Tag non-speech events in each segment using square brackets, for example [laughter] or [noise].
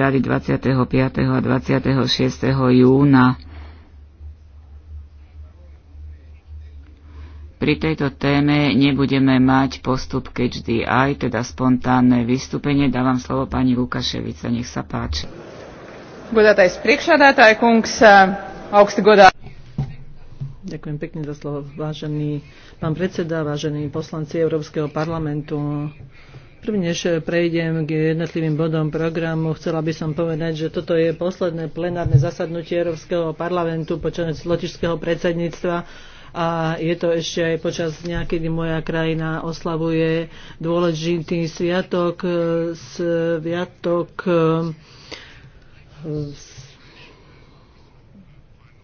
správy 25. a 26. júna. Pri tejto téme nebudeme mať postup catch teda spontánne vystúpenie. Dávam slovo pani Lukaševica, nech sa páči. Eh, Ďakujem pekne za slovo, vážený pán predseda, vážení poslanci Európskeho parlamentu než prejdem k jednotlivým bodom programu, chcela by som povedať, že toto je posledné plenárne zasadnutie Európskeho parlamentu počas lotišského predsedníctva a je to ešte aj počas dňa, kedy moja krajina oslavuje dôležitý sviatok, e, sviatok e, e,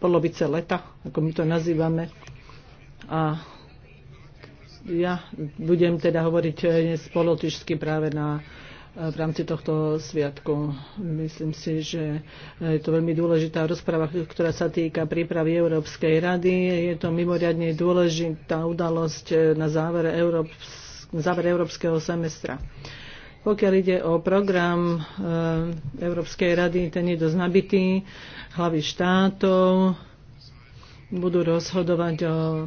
polovice leta, ako my to nazývame. A ja budem teda hovoriť eh, spolotišsky práve na eh, v rámci tohto sviatku. Myslím si, že eh, je to veľmi dôležitá rozpráva, ktorá sa týka prípravy Európskej rady. Je to mimoriadne dôležitá udalosť na záver, Európs- záver Európskeho semestra. Pokiaľ ide o program Európskej rady, ten je dosť nabitý. Hlavy štátov budú rozhodovať o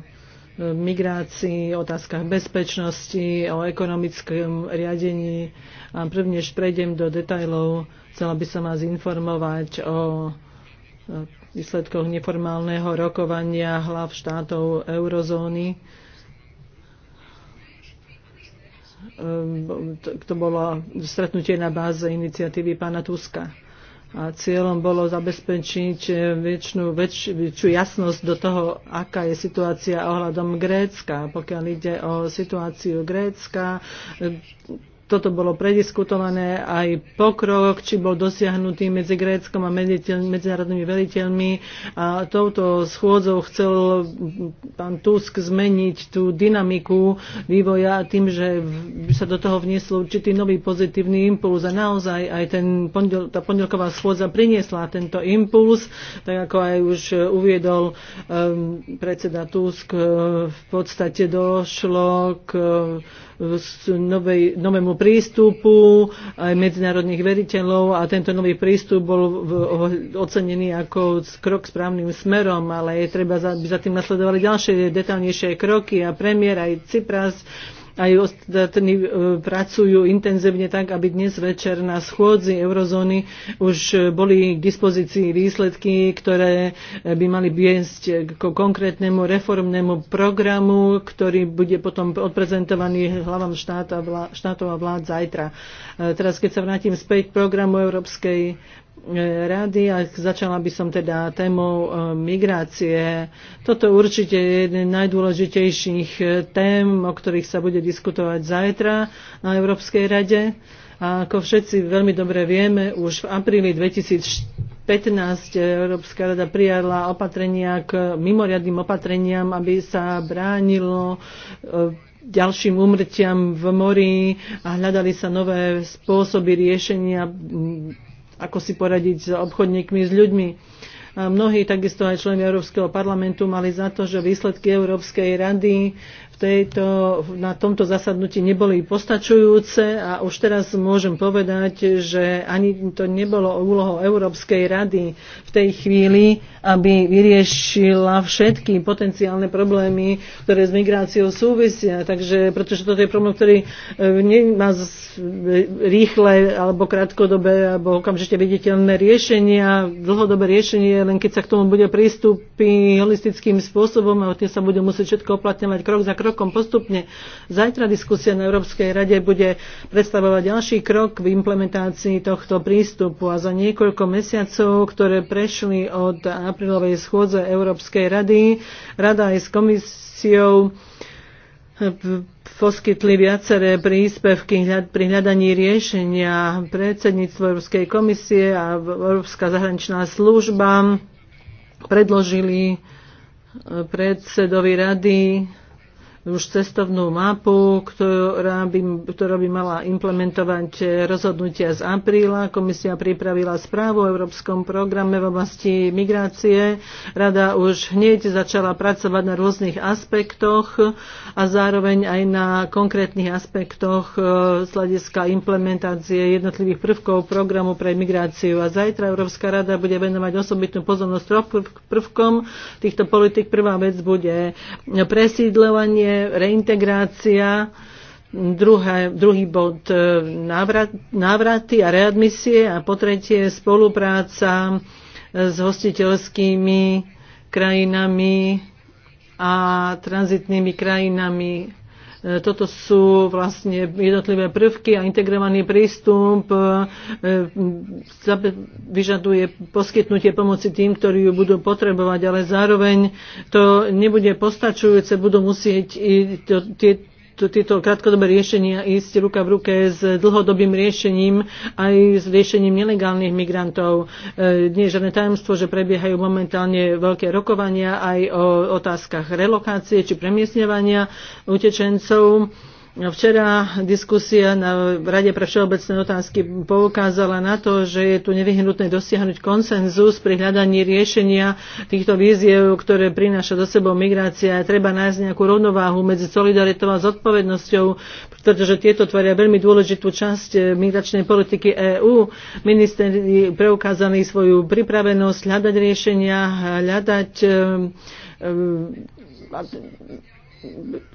migrácii, otázkach bezpečnosti, o ekonomickom riadení. A prvnež prejdem do detajlov, chcela by som vás informovať o výsledkoch neformálneho rokovania hlav štátov eurozóny. Ehm, to bolo stretnutie na báze iniciatívy pána Tuska a cieľom bolo zabezpečiť eh, väčšinu, väčšiu jasnosť do toho, aká je situácia ohľadom Grécka. Pokiaľ ide o situáciu Grécka, eh, toto bolo prediskutované, aj pokrok, či bol dosiahnutý medzi Gréckom a medzinárodnými veliteľmi. A touto schôdzou chcel pán Tusk zmeniť tú dynamiku vývoja tým, že sa do toho vniesol určitý nový pozitívny impuls a naozaj aj ten pondel, tá pondelková schôdza priniesla tento impuls, tak ako aj už uviedol um, predseda Tusk, e, v podstate došlo k um, novej, novému prístupu aj medzinárodných veriteľov a tento nový prístup bol v, ocenený ako krok správnym smerom, ale je treba, aby za tým nasledovali ďalšie detálnejšie kroky a premiér aj Cypras aj ostatní e, pracujú intenzívne tak, aby dnes večer na schôdzi eurozóny už boli k dispozícii výsledky, ktoré e, by mali viesť k konkrétnemu reformnému programu, ktorý bude potom odprezentovaný hlavám štátov a vlád zajtra. E, teraz, keď sa vrátim späť k programu Európskej rady a začala by som teda témou e, migrácie. Toto určite je jeden z najdôležitejších e, tém, o ktorých sa bude diskutovať zajtra na Európskej rade. A ako všetci veľmi dobre vieme, už v apríli 2015 Európska rada prijala opatrenia k mimoriadným opatreniam, aby sa bránilo e, ďalším úmrtiam v mori a hľadali sa nové spôsoby riešenia ako si poradiť s obchodníkmi, s ľuďmi. Mnohí takisto aj členy Európskeho parlamentu mali za to, že výsledky Európskej rady tejto, na tomto zasadnutí neboli postačujúce a už teraz môžem povedať, že ani to nebolo úlohou Európskej rady v tej chvíli, aby vyriešila všetky potenciálne problémy, ktoré s migráciou súvisia. Takže, pretože toto je problém, ktorý e, nemá e, rýchle alebo krátkodobé alebo okamžite viditeľné riešenia. Dlhodobé riešenie len keď sa k tomu bude prístupy holistickým spôsobom a tie sa bude musieť všetko oplatňovať krok za krok krokom postupne. Zajtra diskusia na Európskej rade bude predstavovať ďalší krok v implementácii tohto prístupu a za niekoľko mesiacov, ktoré prešli od aprílovej schôdze Európskej rady, rada aj s komisiou eh, poskytli viaceré príspevky pri hľadaní riešenia predsedníctvo Európskej komisie a Európska zahraničná služba predložili eh, predsedovi rady už cestovnú mapu, ktorá by, ktorá by mala implementovať rozhodnutia z apríla. Komisia pripravila správu o Európskom programe v oblasti migrácie. Rada už hneď začala pracovať na rôznych aspektoch a zároveň aj na konkrétnych aspektoch e, z hľadiska implementácie jednotlivých prvkov programu pre migráciu. A zajtra Európska rada bude venovať osobitnú pozornosť troch prvkom týchto politik. Prvá vec bude presídľovanie reintegrácia, druhá, druhý bod e, návrat, návraty a readmisie a po tretie spolupráca e, s hostiteľskými krajinami a tranzitnými krajinami E, toto sú vlastne jednotlivé prvky a integrovaný prístup e, vyžaduje poskytnutie pomoci tým, ktorí ju budú potrebovať, ale zároveň to nebude postačujúce, budú musieť i to, tie, tieto krátkodobé riešenia ísť ruka v ruke s dlhodobým riešením aj s riešením nelegálnych migrantov. E, nie je žiadne tajomstvo, že prebiehajú momentálne veľké rokovania aj o otázkach relokácie či premiesňovania utečencov. No, včera diskusia na Rade pre všeobecné otázky poukázala na to, že je tu nevyhnutné dosiahnuť konsenzus pri hľadaní riešenia týchto víziev, ktoré prináša do sebou migrácia. Treba nájsť nejakú rovnováhu medzi solidaritou a zodpovednosťou, pretože tieto tvoria veľmi dôležitú časť migračnej politiky EÚ. Ministeri preukázali svoju pripravenosť hľadať riešenia, hľadať ehm, ehm,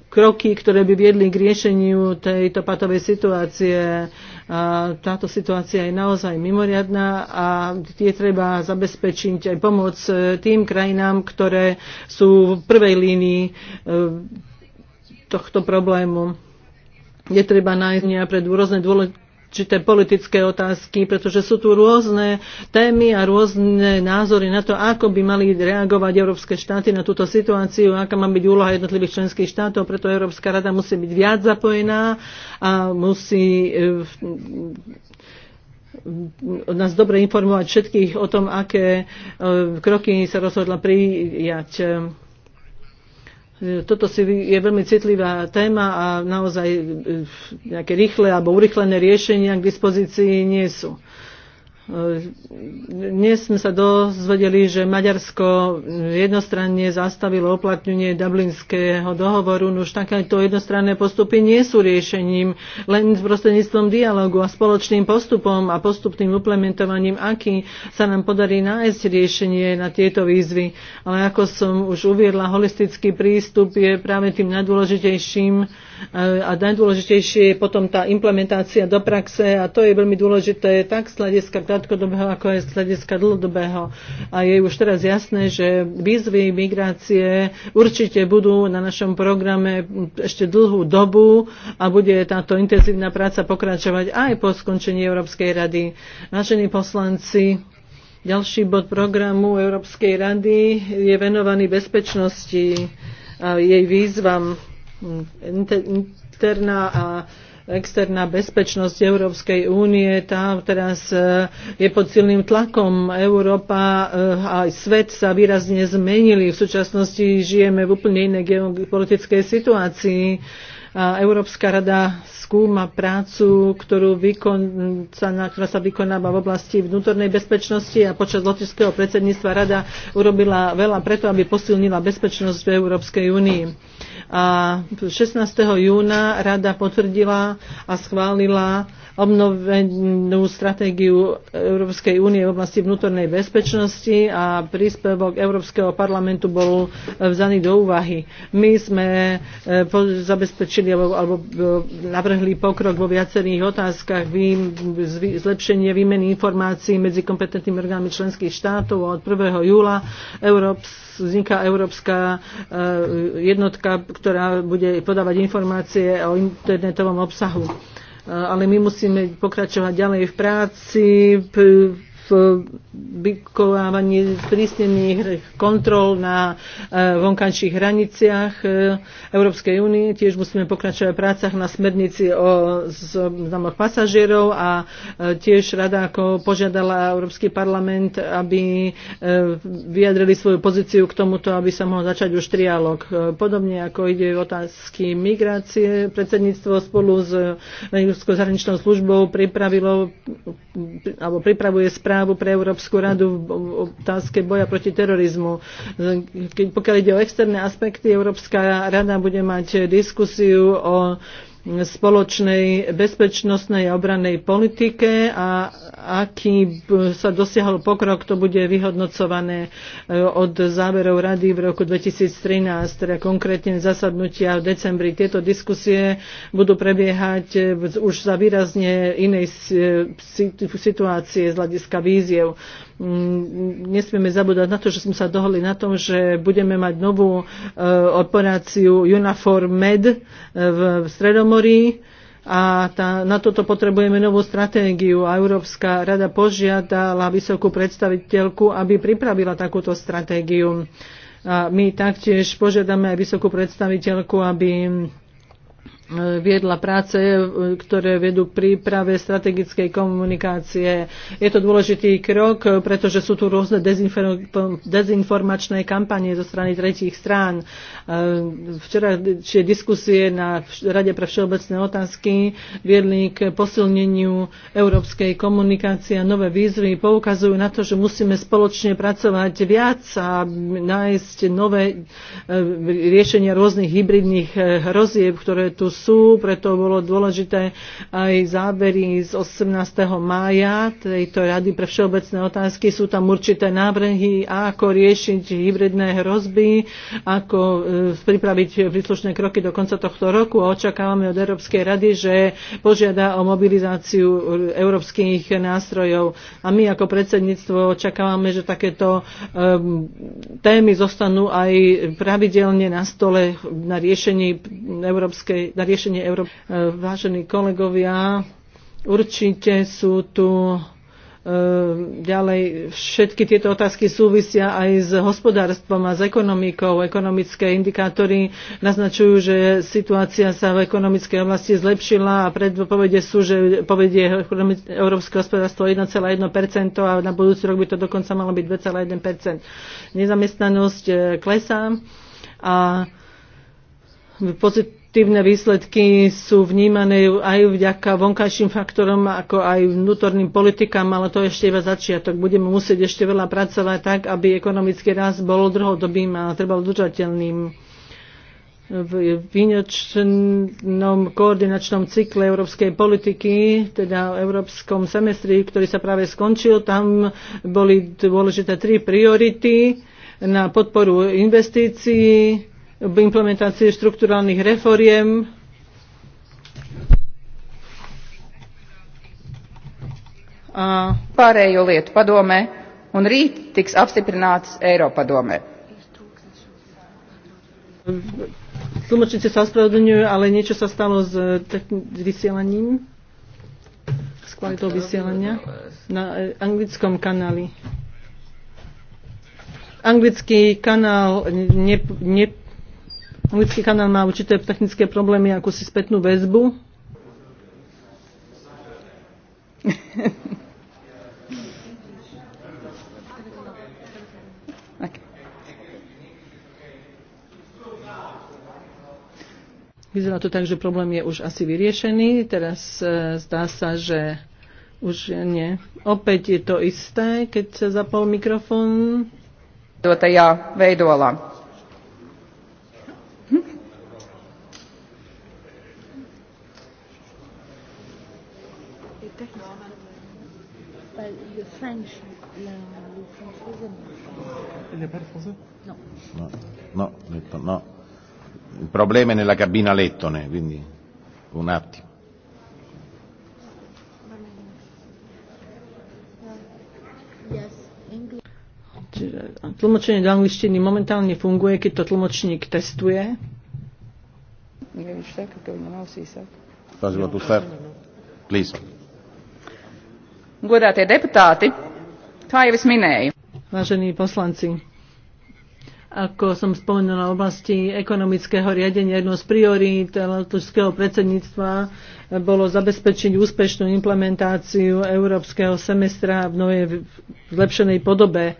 kroky, ktoré by viedli k riešeniu tejto patovej situácie. A táto situácia je naozaj mimoriadná a tie treba zabezpečiť aj pomoc e, tým krajinám, ktoré sú v prvej línii e, tohto problému. Je treba nájsť pre rôzne dôležité určité politické otázky, pretože sú tu rôzne témy a rôzne názory na to, ako by mali reagovať európske štáty na túto situáciu, aká má byť úloha jednotlivých členských štátov, preto Európska rada musí byť viac zapojená a musí e, nás dobre informovať všetkých o tom, aké e, kroky sa rozhodla prijať toto si je veľmi citlivá téma a naozaj e, nejaké rýchle alebo urychlené riešenia k dispozícii nie sú. Dnes sme sa dozvedeli, že Maďarsko jednostranne zastavilo oplatňovanie Dublinského dohovoru. No už takéto jednostranné postupy nie sú riešením, len s prostredníctvom dialogu a spoločným postupom a postupným implementovaním, aký sa nám podarí nájsť riešenie na tieto výzvy. Ale ako som už uviedla, holistický prístup je práve tým najdôležitejším a najdôležitejšie je potom tá implementácia do praxe a to je veľmi dôležité tak z hľadiska krátkodobého, ako aj z hľadiska dlhodobého. A je už teraz jasné, že výzvy migrácie určite budú na našom programe ešte dlhú dobu a bude táto intenzívna práca pokračovať aj po skončení Európskej rady. Vážení poslanci, ďalší bod programu Európskej rady je venovaný bezpečnosti a jej výzvam interná a externá bezpečnosť Európskej únie, tá teraz e, je pod silným tlakom. Európa e, a aj svet sa výrazne zmenili. V súčasnosti žijeme v úplne inej geopolitickej situácii. A Európska rada skúma prácu, ktorú vykon, sa, ktorá sa vykonáva v oblasti vnútornej bezpečnosti a počas lotičského predsedníctva rada urobila veľa preto, aby posilnila bezpečnosť v Európskej únii a 16. júna rada potvrdila a schválila obnovenú stratégiu Európskej únie v oblasti vnútornej bezpečnosti a príspevok Európskeho parlamentu bol vzaný do úvahy. My sme e, zabezpečili alebo, alebo e, navrhli pokrok vo viacerých otázkach, zlepšenie výmeny informácií medzi kompetentnými orgánmi členských štátov od 1. júla Európs vzniká európska eh, jednotka, ktorá bude podávať informácie o internetovom obsahu eh, ale my musíme pokračovať ďalej v práci, Eh, vykovávanie prísnených kontrol na eh, vonkajších hraniciach eh, Európskej únie. Tiež musíme pokračovať v prácach na smernici o znamoch pasažierov a tiež rada ako požiadala Európsky parlament, aby vyjadrili svoju pozíciu k tomuto, aby sa mohol začať už trialog. Podobne ako ide v otázky migrácie, predsedníctvo spolu s Európskou zahraničnou službou pripravilo alebo pripravuje správu správu pre Európsku radu v otázke boja proti terorizmu. Keď, pokiaľ ide o externé aspekty, Európska rada bude mať diskusiu o spoločnej bezpečnostnej a obrannej politike a aký sa dosiahol pokrok, to bude vyhodnocované e, od záverov rady v roku 2013, teda konkrétne zasadnutia v decembri. Tieto diskusie budú prebiehať e, už za výrazne inej e, situácie z hľadiska víziev nesmieme zabúdať na to, že sme sa dohodli na tom, že budeme mať novú e, operáciu Uniform Med e, v Stredomorí a tá, na toto potrebujeme novú stratégiu a Európska rada požiadala vysokú predstaviteľku, aby pripravila takúto stratégiu. A my taktiež požiadame aj vysokú predstaviteľku, aby viedla práce, e, ktoré vedú k príprave strategickej komunikácie. Je to dôležitý krok, e, pretože sú tu rôzne dezinformačné kampanie zo strany tretích strán. E, Včera či diskusie na Rade pre všeobecné otázky viedli k posilneniu európskej komunikácie a nové výzvy poukazujú na to, že musíme spoločne pracovať viac a nájsť nové riešenia rôznych hybridných hrozieb, ktoré tu sú, preto bolo dôležité aj zábery z 18. mája tejto Rady pre všeobecné otázky. Sú tam určité návrhy, ako riešiť hybridné hrozby, ako e, pripraviť príslušné kroky do konca tohto roku a očakávame od Európskej rady, že požiada o mobilizáciu európskych nástrojov. A my ako predsedníctvo očakávame, že takéto e, témy zostanú aj pravidelne na stole na riešení európskej, na riešenie Európy. E, vážení kolegovia, určite sú tu e, ďalej všetky tieto otázky súvisia aj s hospodárstvom a s ekonomikou. Ekonomické indikátory naznačujú, že situácia sa v ekonomickej oblasti zlepšila a predpovede sú, že povedie európske hospodárstvo 1,1% a na budúci rok by to dokonca malo byť 2,1%. Nezamestnanosť e, klesá a pozit- pozitívne výsledky sú vnímané aj vďaka vonkajším faktorom, ako aj vnútorným politikám, ale to ešte iba začiatok. Budeme musieť ešte veľa pracovať tak, aby ekonomický rast bol dlhodobým a trval udržateľným v výnočnom koordinačnom cykle európskej politiky, teda v európskom semestri, ktorý sa práve skončil. Tam boli dôležité tri priority na podporu investícií, implementácie štrukturálnych reforiem. A pārējo lietu padomē un rīt tiks apstiprināts Eiropa Eiropadomē. Tlmočníci sa ospravedlňujú, ale niečo sa stalo s eh, vysielaním, s kvalitou vysielania na eh, anglickom kanáli. Anglický kanál ne, ne, Anglický kanál má určité technické problémy, ako si spätnú väzbu. [laughs] Vyzerá to tak, že problém je už asi vyriešený. Teraz e, zdá sa, že už nie. Opäť je to isté, keď sa zapol mikrofón. Tuota ja Veidola. il problema è nella cabina lettone, quindi un attimo. tlmočenie do angličtiny momentálne funguje, keď to tlmočník testuje. Godātie deputāti, kā jau es Vážení poslanci, ako som spomenula, v oblasti ekonomického riadenia jedno z priorít lotušského predsedníctva bolo zabezpečiť úspešnú implementáciu európskeho semestra v novej zlepšenej podobe.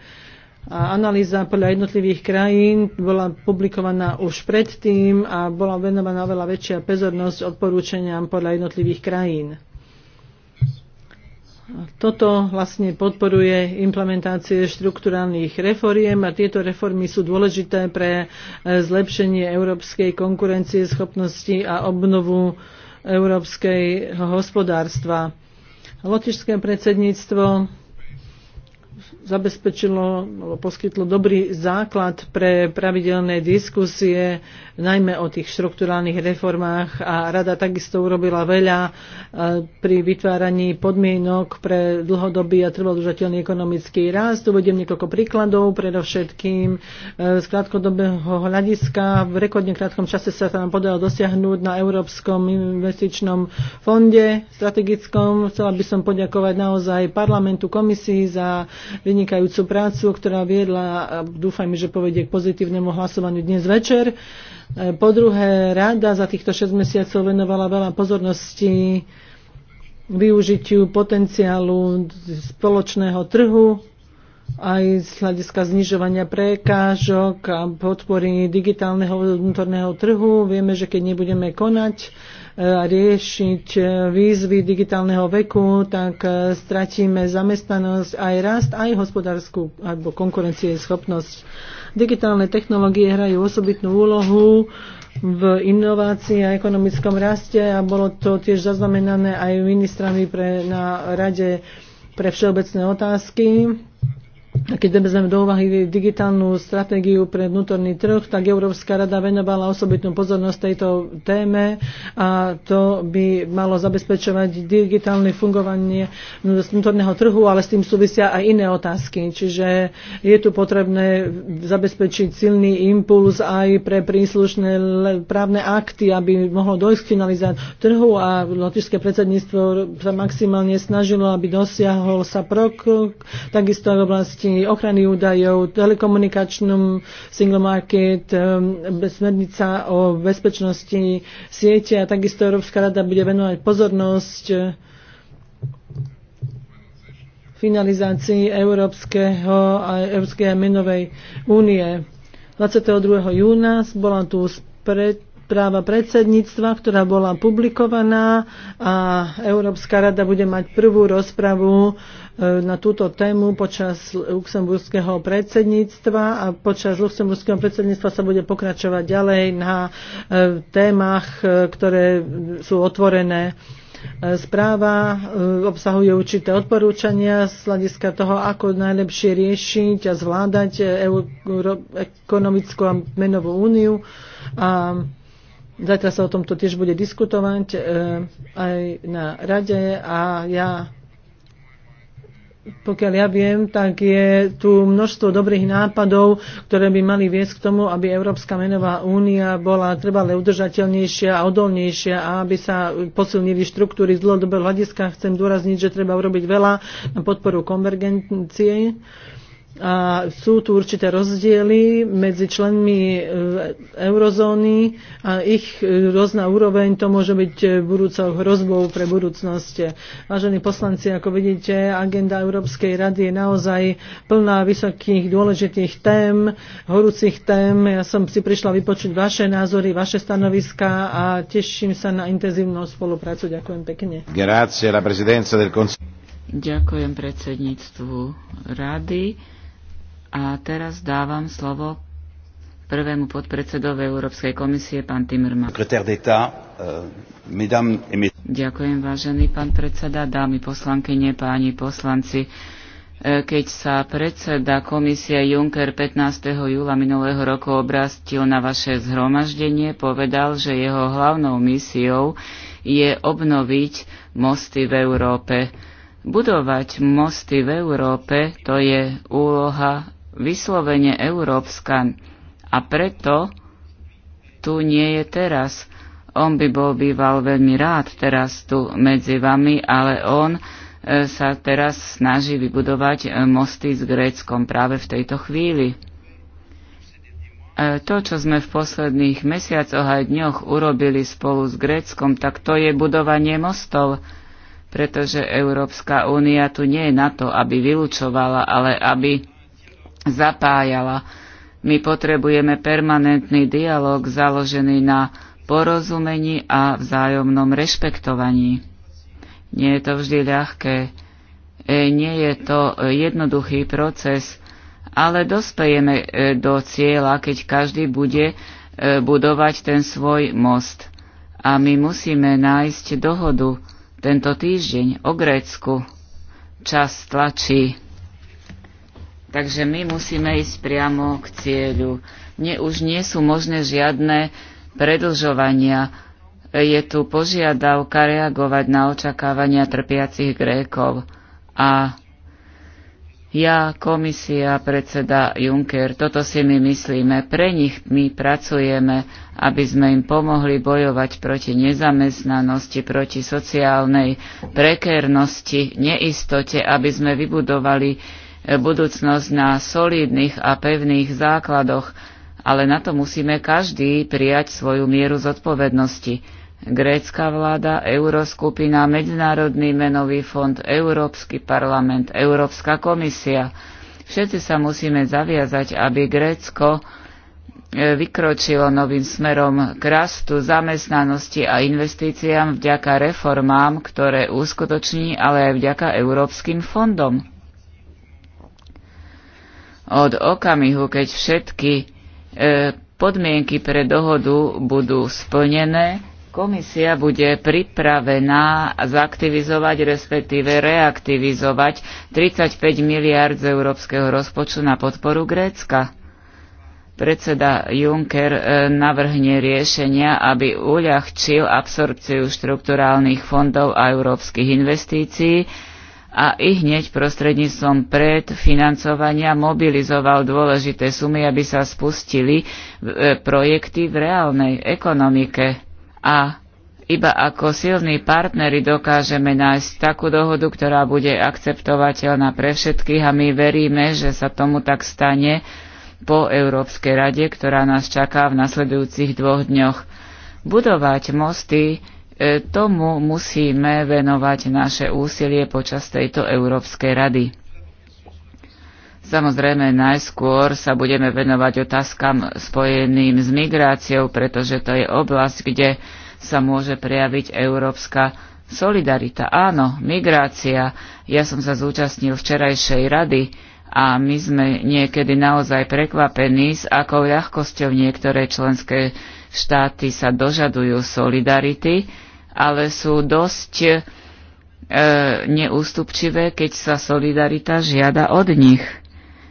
A analýza podľa jednotlivých krajín bola publikovaná už predtým a bola venovaná veľa väčšia pozornosť odporúčaniam podľa jednotlivých krajín. Toto vlastne podporuje implementácie štrukturálnych reforiem a tieto reformy sú dôležité pre e, zlepšenie európskej konkurencie schopnosti a obnovu európskej hospodárstva. Lotišské predsedníctvo zabezpečilo alebo poskytlo dobrý základ pre pravidelné diskusie, najmä o tých štrukturálnych reformách a rada takisto urobila veľa e, pri vytváraní podmienok pre dlhodobý a trvalodržateľný ekonomický rast. Uvediem niekoľko príkladov, predovšetkým e, z krátkodobého hľadiska. V rekordne krátkom čase sa nám podalo dosiahnuť na Európskom investičnom fonde strategickom. Chcela by som poďakovať naozaj parlamentu, komisii za vynikajúcu prácu, ktorá viedla a dúfajme, že povedie k pozitívnemu hlasovaniu dnes večer. E, po druhé, rada za týchto 6 mesiacov venovala veľa pozornosti využitiu potenciálu spoločného trhu aj z hľadiska znižovania prekážok a podpory digitálneho vnútorného trhu. Vieme, že keď nebudeme konať, riešiť e, výzvy digitálneho veku, tak e, stratíme zamestnanosť aj rast, aj hospodárskú alebo schopnosť. Digitálne technológie hrajú osobitnú úlohu v inovácii a ekonomickom raste a bolo to tiež zaznamenané aj ministrami pre, na Rade pre všeobecné otázky. A keď sme do úvahy digitálnu stratégiu pre vnútorný trh, tak Európska rada venovala osobitnú pozornosť tejto téme a to by malo zabezpečovať digitálne fungovanie vnútorného trhu, ale s tým súvisia aj iné otázky. Čiže je tu potrebné zabezpečiť silný impuls aj pre príslušné právne akty, aby mohlo dojsť k finalizáciu trhu a lotišské predsedníctvo sa maximálne snažilo, aby dosiahol sa prok, takisto aj v oblasti oblasti ochrany údajov, telekomunikačnom single market, ehm, smernica o bezpečnosti siete a takisto Európska rada bude venovať pozornosť finalizácii Európskeho a Európskej menovej únie. 22. júna bola tu spred práva predsedníctva, ktorá bola publikovaná a Európska rada bude mať prvú rozpravu E, na túto tému počas luxemburského predsedníctva a počas luxemburského predsedníctva sa bude pokračovať ďalej na e, témach, e, ktoré sú otvorené Správa obsahuje určité odporúčania z hľadiska toho, ako najlepšie riešiť a zvládať ekonomickú a menovú úniu. A zajtra sa o tomto tiež bude diskutovať aj na rade a ja pokiaľ ja viem, tak je tu množstvo dobrých nápadov, ktoré by mali viesť k tomu, aby Európska menová únia bola trebale udržateľnejšia a odolnejšia a aby sa posilnili štruktúry z dlhodobého hľadiska. Chcem dôrazniť, že treba urobiť veľa na podporu konvergencie a sú tu určité rozdiely medzi členmi e, eurozóny a ich e, rôzna úroveň, to môže byť e, budúcou hrozbou pre budúcnosť. Vážení poslanci, ako vidíte, agenda Európskej rady je naozaj plná vysokých dôležitých tém, horúcich tém. Ja som si prišla vypočuť vaše názory, vaše stanoviska a teším sa na intenzívnu spoluprácu. Ďakujem pekne. Grazie, la del Ďakujem predsedníctvu rady. A teraz dávam slovo prvému podpredsedovi Európskej komisie, pán Timmerman. Euh, Ďakujem, vážený pán predseda, dámy poslankyne, páni poslanci. E, keď sa predseda komisie Juncker 15. júla minulého roku obrastil na vaše zhromaždenie, povedal, že jeho hlavnou misiou je obnoviť mosty v Európe. Budovať mosty v Európe to je úloha vyslovene európska a preto tu nie je teraz. On by bol býval veľmi rád teraz tu medzi vami, ale on e, sa teraz snaží vybudovať e, mosty s Gréckom práve v tejto chvíli. E, to, čo sme v posledných mesiacoch aj dňoch urobili spolu s Gréckom, tak to je budovanie mostov, pretože Európska únia tu nie je na to, aby vylúčovala, ale aby zapájala. My potrebujeme permanentný dialog založený na porozumení a vzájomnom rešpektovaní. Nie je to vždy ľahké, e, nie je to jednoduchý proces, ale dospejeme e, do cieľa, keď každý bude e, budovať ten svoj most. A my musíme nájsť dohodu tento týždeň o Grécku. Čas tlačí. Takže my musíme ísť priamo k cieľu. Nie, už nie sú možné žiadne predlžovania. Je tu požiadavka reagovať na očakávania trpiacich Grékov. A ja, komisia, predseda Juncker, toto si my myslíme. Pre nich my pracujeme, aby sme im pomohli bojovať proti nezamestnanosti, proti sociálnej prekernosti, neistote, aby sme vybudovali budúcnosť na solidných a pevných základoch, ale na to musíme každý prijať svoju mieru zodpovednosti. Grécka vláda, Euroskupina, Medzinárodný menový fond, Európsky parlament, Európska komisia. Všetci sa musíme zaviazať, aby Grécko e, vykročilo novým smerom k rastu, zamestnanosti a investíciám vďaka reformám, ktoré uskutoční, ale aj vďaka európskym fondom od okamihu, keď všetky e, podmienky pre dohodu budú splnené, komisia bude pripravená zaktivizovať, respektíve reaktivizovať 35 miliard z európskeho rozpočtu na podporu Grécka. Predseda Juncker e, navrhne riešenia, aby uľahčil absorpciu štrukturálnych fondov a európskych investícií, a i hneď prostredníctvom predfinancovania mobilizoval dôležité sumy, aby sa spustili e, projekty v reálnej ekonomike. A iba ako silní partnery dokážeme nájsť takú dohodu, ktorá bude akceptovateľná pre všetkých a my veríme, že sa tomu tak stane po Európskej rade, ktorá nás čaká v nasledujúcich dvoch dňoch. Budovať mosty E, tomu musíme venovať naše úsilie počas tejto Európskej rady. Samozrejme, najskôr sa budeme venovať otázkam spojeným s migráciou, pretože to je oblasť, kde sa môže prejaviť európska solidarita. Áno, migrácia. Ja som sa zúčastnil včerajšej rady a my sme niekedy naozaj prekvapení, s akou ľahkosťou niektoré členské štáty sa dožadujú solidarity ale sú dosť e, neústupčivé, keď sa solidarita žiada od nich.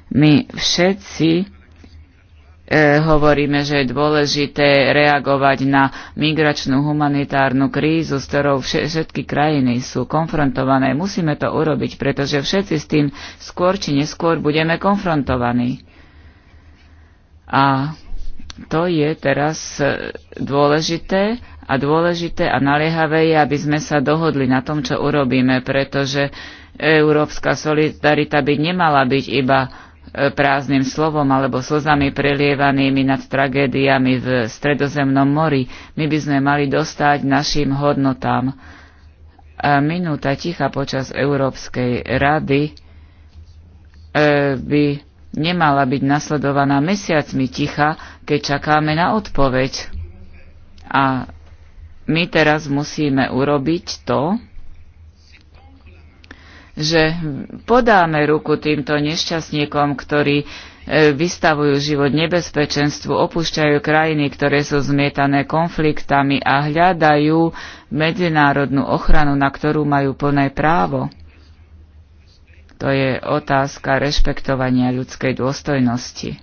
My všetci e, hovoríme, že je dôležité reagovať na migračnú humanitárnu krízu, s ktorou všetky krajiny sú konfrontované. Musíme to urobiť, pretože všetci s tým skôr či neskôr budeme konfrontovaní. A to je teraz e, dôležité a dôležité a naliehavé je, aby sme sa dohodli na tom, čo urobíme, pretože európska solidarita by nemala byť iba e, prázdnym slovom alebo slzami prelievanými nad tragédiami v Stredozemnom mori. My by sme mali dostať našim hodnotám. A minúta ticha počas Európskej rady e, by nemala byť nasledovaná mesiacmi ticha, keď čakáme na odpoveď. A my teraz musíme urobiť to, že podáme ruku týmto nešťastníkom, ktorí e, vystavujú život nebezpečenstvu, opúšťajú krajiny, ktoré sú zmietané konfliktami a hľadajú medzinárodnú ochranu, na ktorú majú plné právo. To je otázka rešpektovania ľudskej dôstojnosti.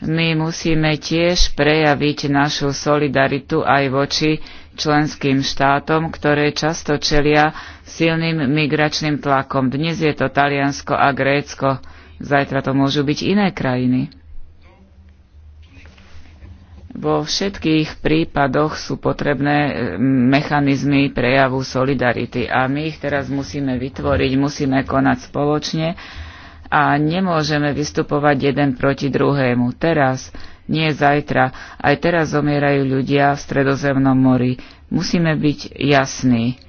My musíme tiež prejaviť našu solidaritu aj voči členským štátom, ktoré často čelia silným migračným tlakom. Dnes je to Taliansko a Grécko, zajtra to môžu byť iné krajiny. Vo všetkých prípadoch sú potrebné e, mechanizmy prejavu solidarity a my ich teraz musíme vytvoriť, musíme konať spoločne a nemôžeme vystupovať jeden proti druhému. Teraz, nie zajtra, aj teraz zomierajú ľudia v Stredozemnom mori. Musíme byť jasní.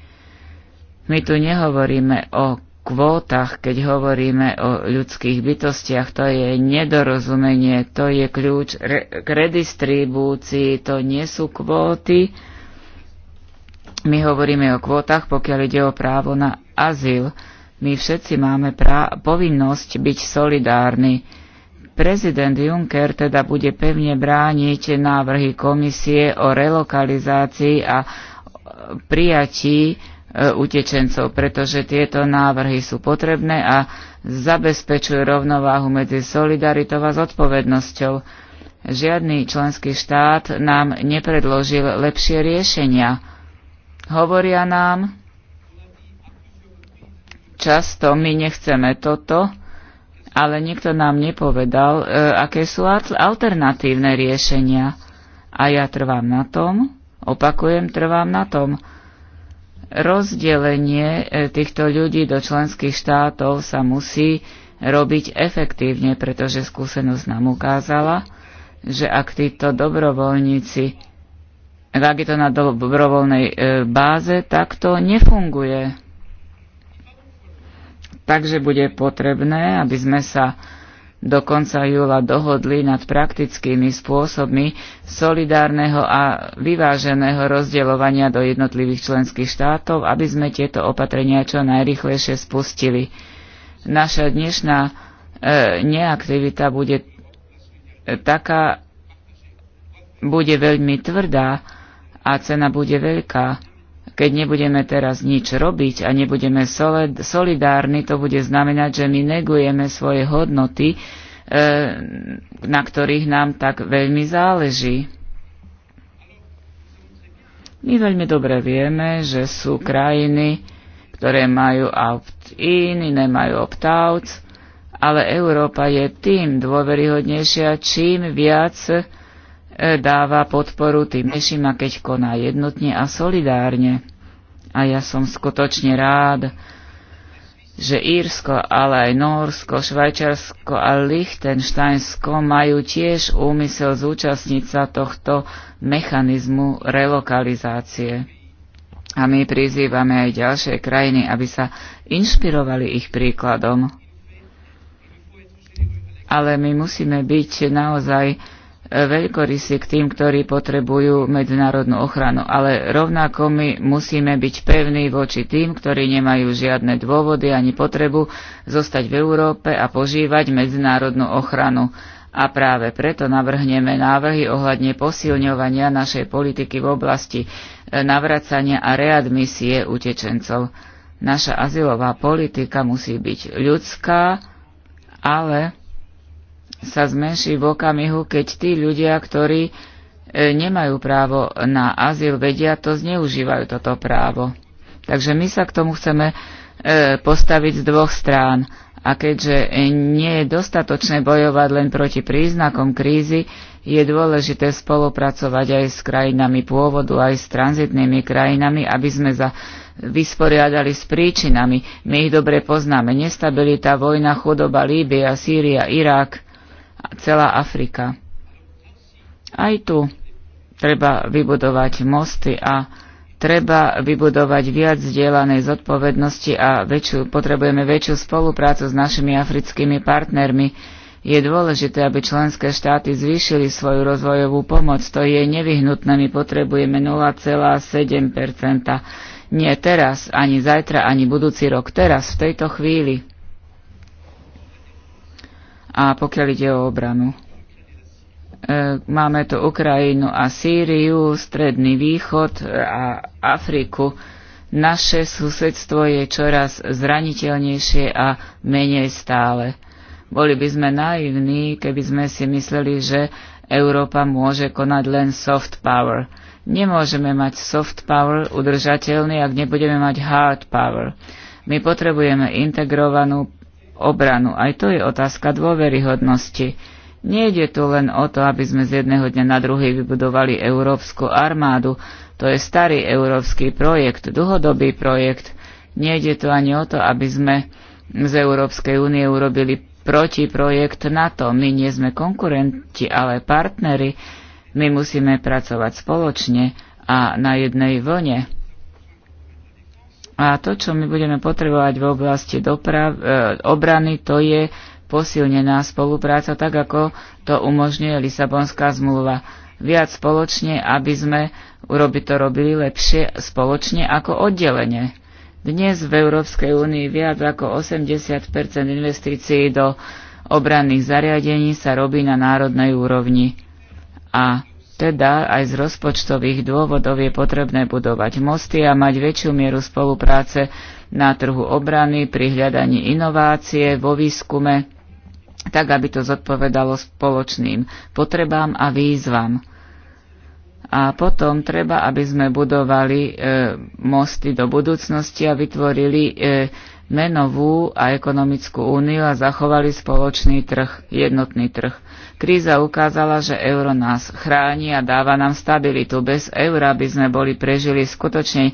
My tu nehovoríme o kvótach, keď hovoríme o ľudských bytostiach. To je nedorozumenie, to je kľúč k redistribúcii, to nie sú kvóty. My hovoríme o kvótach, pokiaľ ide o právo na azyl. My všetci máme povinnosť byť solidárni. Prezident Juncker teda bude pevne brániť návrhy komisie o relokalizácii a e, prijatí e, utečencov, pretože tieto návrhy sú potrebné a zabezpečujú rovnováhu medzi solidaritou a zodpovednosťou. Žiadny členský štát nám nepredložil lepšie riešenia. Hovoria nám, často my nechceme toto, ale nikto nám nepovedal, e, aké sú alternatívne riešenia. A ja trvám na tom, opakujem, trvám na tom. Rozdelenie e, týchto ľudí do členských štátov sa musí robiť efektívne, pretože skúsenosť nám ukázala, že ak títo dobrovoľníci, ak je to na dobrovoľnej e, báze, tak to nefunguje. Takže bude potrebné, aby sme sa do konca júla dohodli nad praktickými spôsobmi solidárneho a vyváženého rozdeľovania do jednotlivých členských štátov, aby sme tieto opatrenia čo najrychlejšie spustili. Naša dnešná e, neaktivita bude e, taká, bude veľmi tvrdá a cena bude veľká. Keď nebudeme teraz nič robiť a nebudeme solidárni, to bude znamenať, že my negujeme svoje hodnoty, e, na ktorých nám tak veľmi záleží. My veľmi dobre vieme, že sú krajiny, ktoré majú opt-in, iné majú opt-out, ale Európa je tým dôveryhodnejšia, čím viac e, dáva podporu tým menším a keď koná jednotne a solidárne. A ja som skutočne rád, že Írsko, ale aj Norsko, Švajčarsko a Lichtensteinsko majú tiež úmysel zúčastniť sa tohto mechanizmu relokalizácie. A my prizývame aj ďalšie krajiny, aby sa inšpirovali ich príkladom. Ale my musíme byť naozaj veľkorysí k tým, ktorí potrebujú medzinárodnú ochranu, ale rovnako my musíme byť pevní voči tým, ktorí nemajú žiadne dôvody ani potrebu zostať v Európe a požívať medzinárodnú ochranu. A práve preto navrhneme návrhy ohľadne posilňovania našej politiky v oblasti e, navracania a readmisie utečencov. Naša azylová politika musí byť ľudská, ale sa zmenší v okamihu, keď tí ľudia, ktorí e, nemajú právo na azyl, vedia to, zneužívajú toto právo. Takže my sa k tomu chceme e, postaviť z dvoch strán. A keďže nie je dostatočné bojovať len proti príznakom krízy, je dôležité spolupracovať aj s krajinami pôvodu, aj s tranzitnými krajinami, aby sme za vysporiadali s príčinami. My ich dobre poznáme. Nestabilita, vojna, chudoba, Líbia, Sýria, Irak celá Afrika. Aj tu treba vybudovať mosty a treba vybudovať viac zdieľanej zodpovednosti a väčšiu, potrebujeme väčšiu spoluprácu s našimi africkými partnermi. Je dôležité, aby členské štáty zvýšili svoju rozvojovú pomoc. To je nevyhnutné. My potrebujeme 0,7 nie teraz, ani zajtra, ani budúci rok, teraz, v tejto chvíli a pokiaľ ide o obranu. E, máme tu Ukrajinu a Sýriu, Stredný východ a Afriku. Naše susedstvo je čoraz zraniteľnejšie a menej stále. Boli by sme naivní, keby sme si mysleli, že Európa môže konať len soft power. Nemôžeme mať soft power udržateľný, ak nebudeme mať hard power. My potrebujeme integrovanú obranu. Aj to je otázka dôveryhodnosti. Nejde tu len o to, aby sme z jedného dňa na druhý vybudovali európsku armádu. To je starý európsky projekt, dlhodobý projekt. Nejde tu ani o to, aby sme z Európskej únie urobili protiprojekt NATO. My nie sme konkurenti, ale partneri. My musíme pracovať spoločne a na jednej vlne. A to, čo my budeme potrebovať v oblasti doprav, e, obrany, to je posilnená spolupráca, tak ako to umožňuje Lisabonská zmluva. Viac spoločne, aby sme urobi to robili lepšie spoločne ako oddelenie. Dnes v Európskej únii viac ako 80 investícií do obranných zariadení sa robí na národnej úrovni. A teda aj z rozpočtových dôvodov je potrebné budovať mosty a mať väčšiu mieru spolupráce na trhu obrany pri hľadaní inovácie vo výskume, tak aby to zodpovedalo spoločným potrebám a výzvam. A potom treba, aby sme budovali e, mosty do budúcnosti a vytvorili e, menovú a ekonomickú úniu a zachovali spoločný trh, jednotný trh. Kríza ukázala, že euro nás chráni a dáva nám stabilitu. Bez eura by sme boli prežili skutočne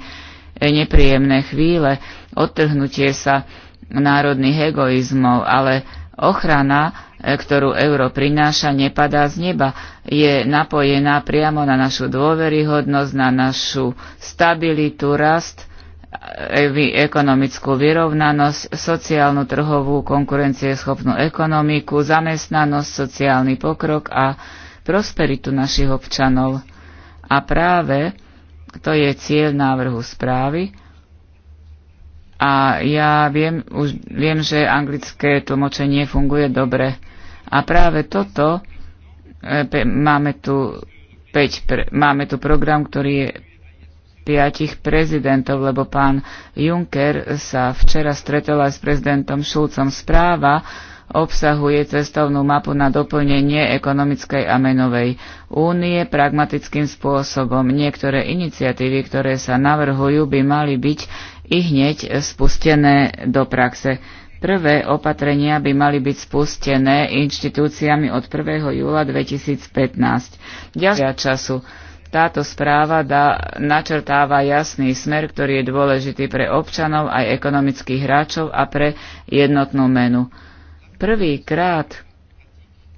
nepríjemné chvíle, odtrhnutie sa národných egoizmov, ale ochrana, e, ktorú euro prináša, nepadá z neba. Je napojená priamo na našu dôveryhodnosť, na našu stabilitu, rast, E, ekonomickú vyrovnanosť, sociálnu trhovú konkurencieschopnú ekonomiku, zamestnanosť, sociálny pokrok a prosperitu našich občanov. A práve to je cieľ návrhu správy. A ja viem, už viem, že anglické tlmočenie funguje dobre. A práve toto, e, máme tu, 5, máme tu program, ktorý je piatich prezidentov, lebo pán Juncker sa včera stretol aj s prezidentom Šulcom. Správa obsahuje cestovnú mapu na doplnenie ekonomickej a menovej únie pragmatickým spôsobom. Niektoré iniciatívy, ktoré sa navrhujú, by mali byť i hneď spustené do praxe. Prvé opatrenia by mali byť spustené inštitúciami od 1. júla 2015. Ďalšia času. Táto správa dá, načrtáva jasný smer, ktorý je dôležitý pre občanov aj ekonomických hráčov a pre jednotnú menu. Prvýkrát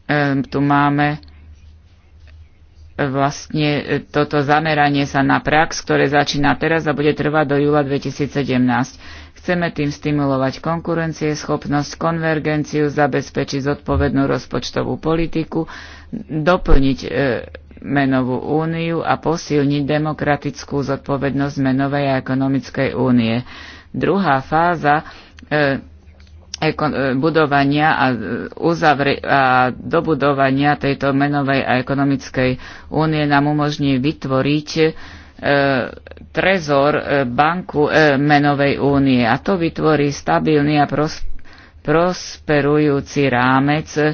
e, tu máme vlastne e, toto zameranie sa na prax, ktoré začína teraz a bude trvať do júla 2017. Chceme tým stimulovať konkurencie, schopnosť, konvergenciu, zabezpečiť zodpovednú rozpočtovú politiku, doplniť e, menovú úniu a posilniť demokratickú zodpovednosť menovej a ekonomickej únie. Druhá fáza e, e budovania a, e, uzavri- a dobudovania tejto menovej a ekonomickej únie nám umožní vytvoriť e, trezor e, banku e, menovej únie a to vytvorí stabilný a pros- prosperujúci rámec e,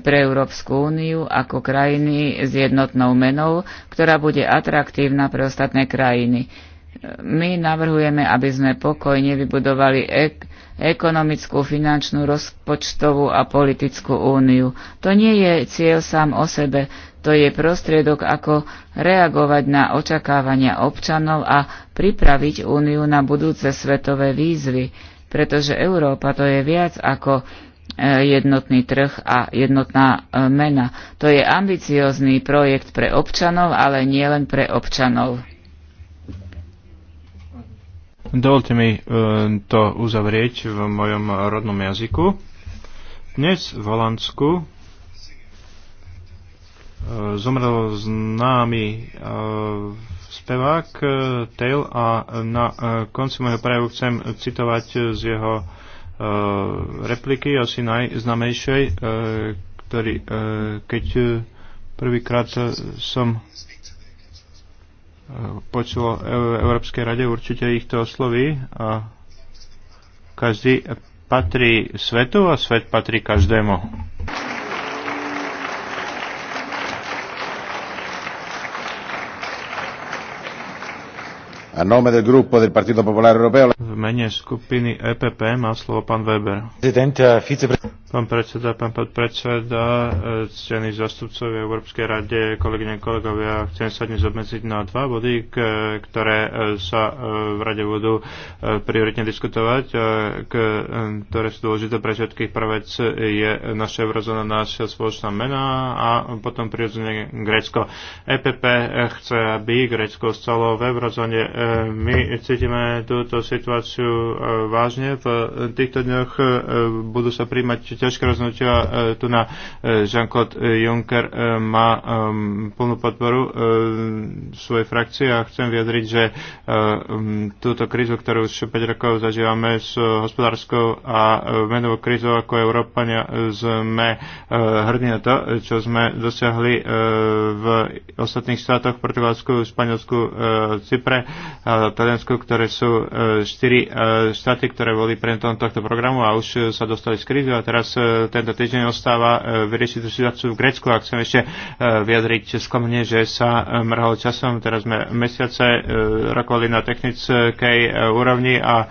pre Európsku úniu ako krajiny s jednotnou menou, ktorá bude atraktívna pre ostatné krajiny. My navrhujeme, aby sme pokojne vybudovali ek- ekonomickú, finančnú, rozpočtovú a politickú úniu. To nie je cieľ sám o sebe, to je prostriedok, ako reagovať na očakávania občanov a pripraviť úniu na budúce svetové výzvy, pretože Európa to je viac ako Eh, jednotný trh a jednotná eh, mena. To je ambiciózny projekt pre občanov, ale nie len pre občanov. Dovolte mi eh, to uzavrieť v mojom rodnom jazyku. Dnes v Holandsku zomrel známy spevák Tail a na konci môjho prejavu chcem citovať z jeho Eh, repliky, asi najznamejšej, eh, ktorý, eh, keď prvýkrát som počul v Európskej rade, určite ich to osloví a každý patrí svetu a svet patrí každému. A nome del gruppo del Partito Popolare Europeo... V mene skupiny EPP má slovo pán Weber. Eh, pán predseda, pán podpredseda, eh, ctení zastupcovia Európskej rade, kolegyne, kolegovia, chcem sa dnes obmedziť na dva body, ktoré eh, sa v rade budú prioritne diskutovať, ktoré sú dôležité pre všetkých. Prvá je naša eurozóna, naša spoločná mena a potom prirodzene Grécko. EPP chce, aby Grécko stalo v eurozóne my cítime túto situáciu e, vážne. V týchto dňoch e, budú sa príjmať ťažké rozhodnutia. E, tu na Jean-Claude Juncker má plnú podporu svojej frakcie a chcem vyjadriť, že túto krízu, ktorú už 5 rokov zažívame s hospodárskou a menovou krízou ako Európania, sme hrdí na to, čo sme dosiahli v ostatných štátoch, Portugalsku, Španielsku, Cypre E, Taliansku, ktoré sú e, štyri e, štáty, ktoré boli pre tohto programu a už sa dostali z krízy a teraz tento týždeň ostáva vyriešiť tú situáciu v Grécku a chcem ešte vyjadriť skomne, že sa mrhalo časom. Teraz sme mesiace rokovali na technickej úrovni a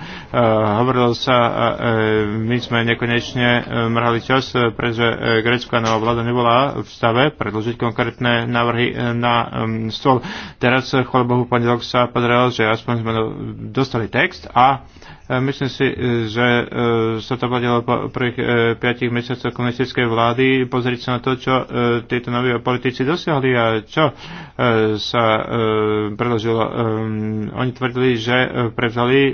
hovorilo sa, my sme nekonečne mrhali čas, pretože grécka nová vláda nebola v stave predložiť konkrétne návrhy na stôl. Teraz, chvala Bohu, Lok sa podarilo, že aspoň sme dostali text a E, myslím si, e, že e, sa to vadilo po prvých piatich mesiacoch komunistickej vlády. Pozrieť sa na to, čo títo noví politici dosiahli a čo sa predložilo. Oni tvrdili, že prevzali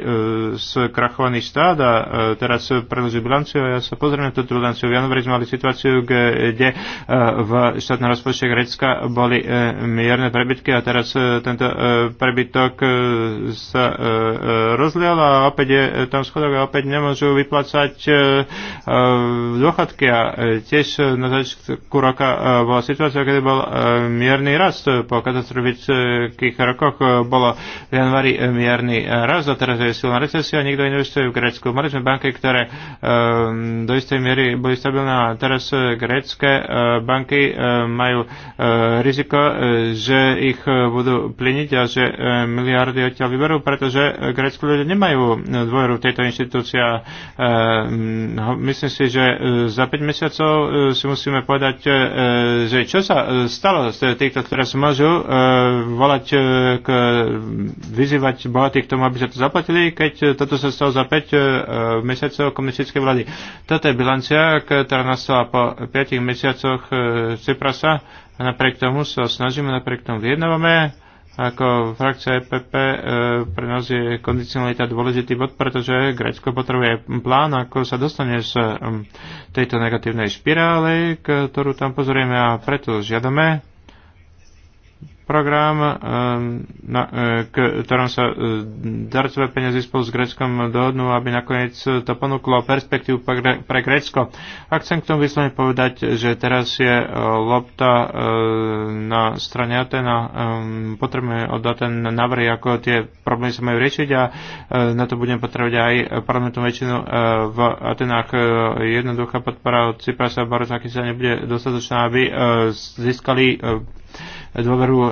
skrachovaný štát a teraz predložili bilanciu a ja sa pozriem na tú bilanciu. V januári sme mali situáciu, kde v štátnom rozpočte Grecka boli mierne prebytky a teraz tento prebytok sa rozlial a opäť je tam schodok a opäť nemôžu vyplácať e, e, dôchodky. A e, tiež na začiatku roka bola situácia, kedy bol mierny rast. Po katastrofických rokoch bolo v januári mierny rast a teraz je silná recesia, nikto investuje v Grécku. Mali sme banky, ktoré do istej miery boli stabilné a teraz grécké banky majú riziko, že ich budú pliniť a že miliardy odtiaľ vyberú, pretože grécké ľudia nemajú dôveru tejto uh, Myslím si, že e, za 5 mesiacov e, si musíme povedať, že čo sa stalo z týchto, ktoré sa môžu volať, k, vyzývať bohatých k tomu, aby sa to zaplatili, keď toto sa stalo za 5 mesiacov komunistickej vlády. Toto je bilancia, ktorá nastala po 5 mesiacoch Cyprasa a napriek tomu sa snažíme, napriek tomu vyjednávame ako frakcia EPP e, pre nás je kondicionalita dôležitý bod, pretože Grécko potrebuje plán, ako sa dostane z tejto negatívnej špirály, ktorú tam pozrieme a preto žiadame program, eh, na eh, ktorom sa eh, darcové peniaze spolu s Greckom dohodnú, aby nakoniec to ponúklo perspektívu pre Grécko. A chcem k tomu vyslovene povedať, že teraz je lopta na strane Atena. Ehm, potrebujeme od Aten návrhy, ako tie problémy sa majú riešiť a na to budem potrebovať aj parlamentnú väčšinu v Atenách. Jednoduchá podpora od Cyprasa a Barosáky sa nebude dostatočná, aby získali dôveru e,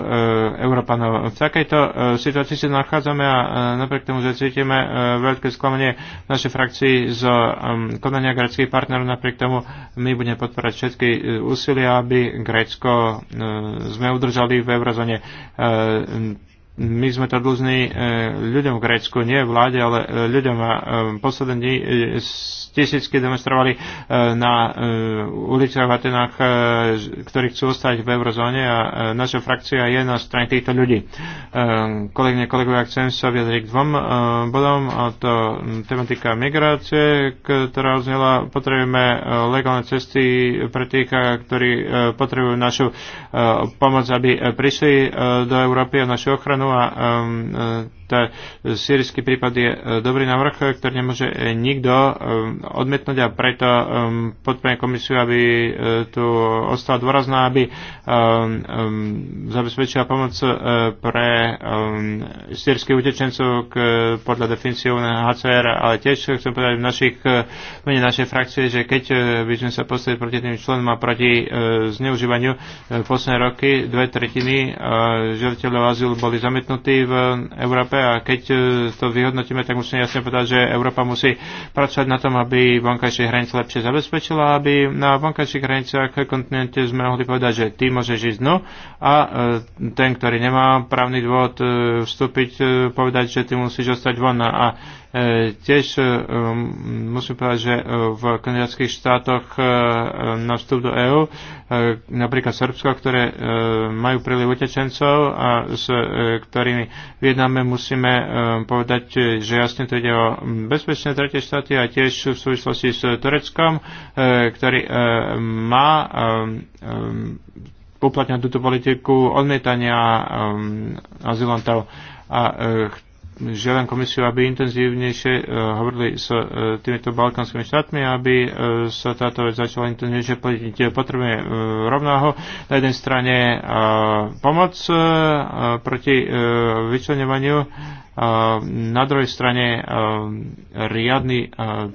Európanov. V takejto e, situácii sa nachádzame a e, napriek tomu, že cítime veľké sklamanie v našej frakcii z konania greckých partnerov, napriek tomu my budeme podporať všetky úsilia, aby Grécko sme udržali v eurozóne my sme to dlžní e, ľuďom v Grécku, nie vláde, ale e, ľuďom. A e, posledné dni tisícky demonstrovali na uliciach v Atenách, ktorí chcú ostať v eurozóne a naša frakcia je na strane týchto ľudí. Kolegyne, kolegovia, chcem sa vyjadriť k dvom bodom, a to tematika migrácie, ktorá uznela, potrebujeme legálne cesty pre tých, ktorí potrebujú našu pomoc, aby prišli do Európy a našu ochranu a um, E, sírsky prípad je e, dobrý návrh, ktorý nemôže e, nikto odmietnúť a preto podporujem komisiu, aby tu ostala dôrazná, aby zabezpečila pomoc pre sírskych utečencov podľa definície HCR, ale tiež chcem povedať v našich, mene našej frakcie, že keď by sme sa postavili proti tým členom a proti zneužívaniu posledné roky, dve tretiny žiadateľov azylu boli zamietnutí v Európe a keď e, to vyhodnotíme, tak musím jasne povedať, že Európa musí pracovať na tom, aby vonkajšie hranice lepšie zabezpečila, aby na vonkajších hraniciach kontinente sme mohli povedať, že ty môžeš ísť dnu no. a e, ten, ktorý nemá právny dôvod e, vstúpiť, povedať, že ty musíš zostať von a E, tiež e, musím povedať, že e, v kandidátskych štátoch na vstup do EÚ, napríklad Srbsko, ktoré majú príliv utečencov a s ktorými vyjednáme, musíme povedať, že jasne to ide o bezpečné tretie štáty a tiež v súvislosti s Tureckom, ktorý má uplatňovať túto politiku odmietania azylantov. A žiadam komisiu, aby intenzívnejšie e, hovorili s e, týmito balkánskymi štátmi, aby e, sa táto vec začala intenzívnejšie platiť. Potrebujeme rovnáho na jednej strane pomoc proti vyčlenovaniu, na druhej strane riadny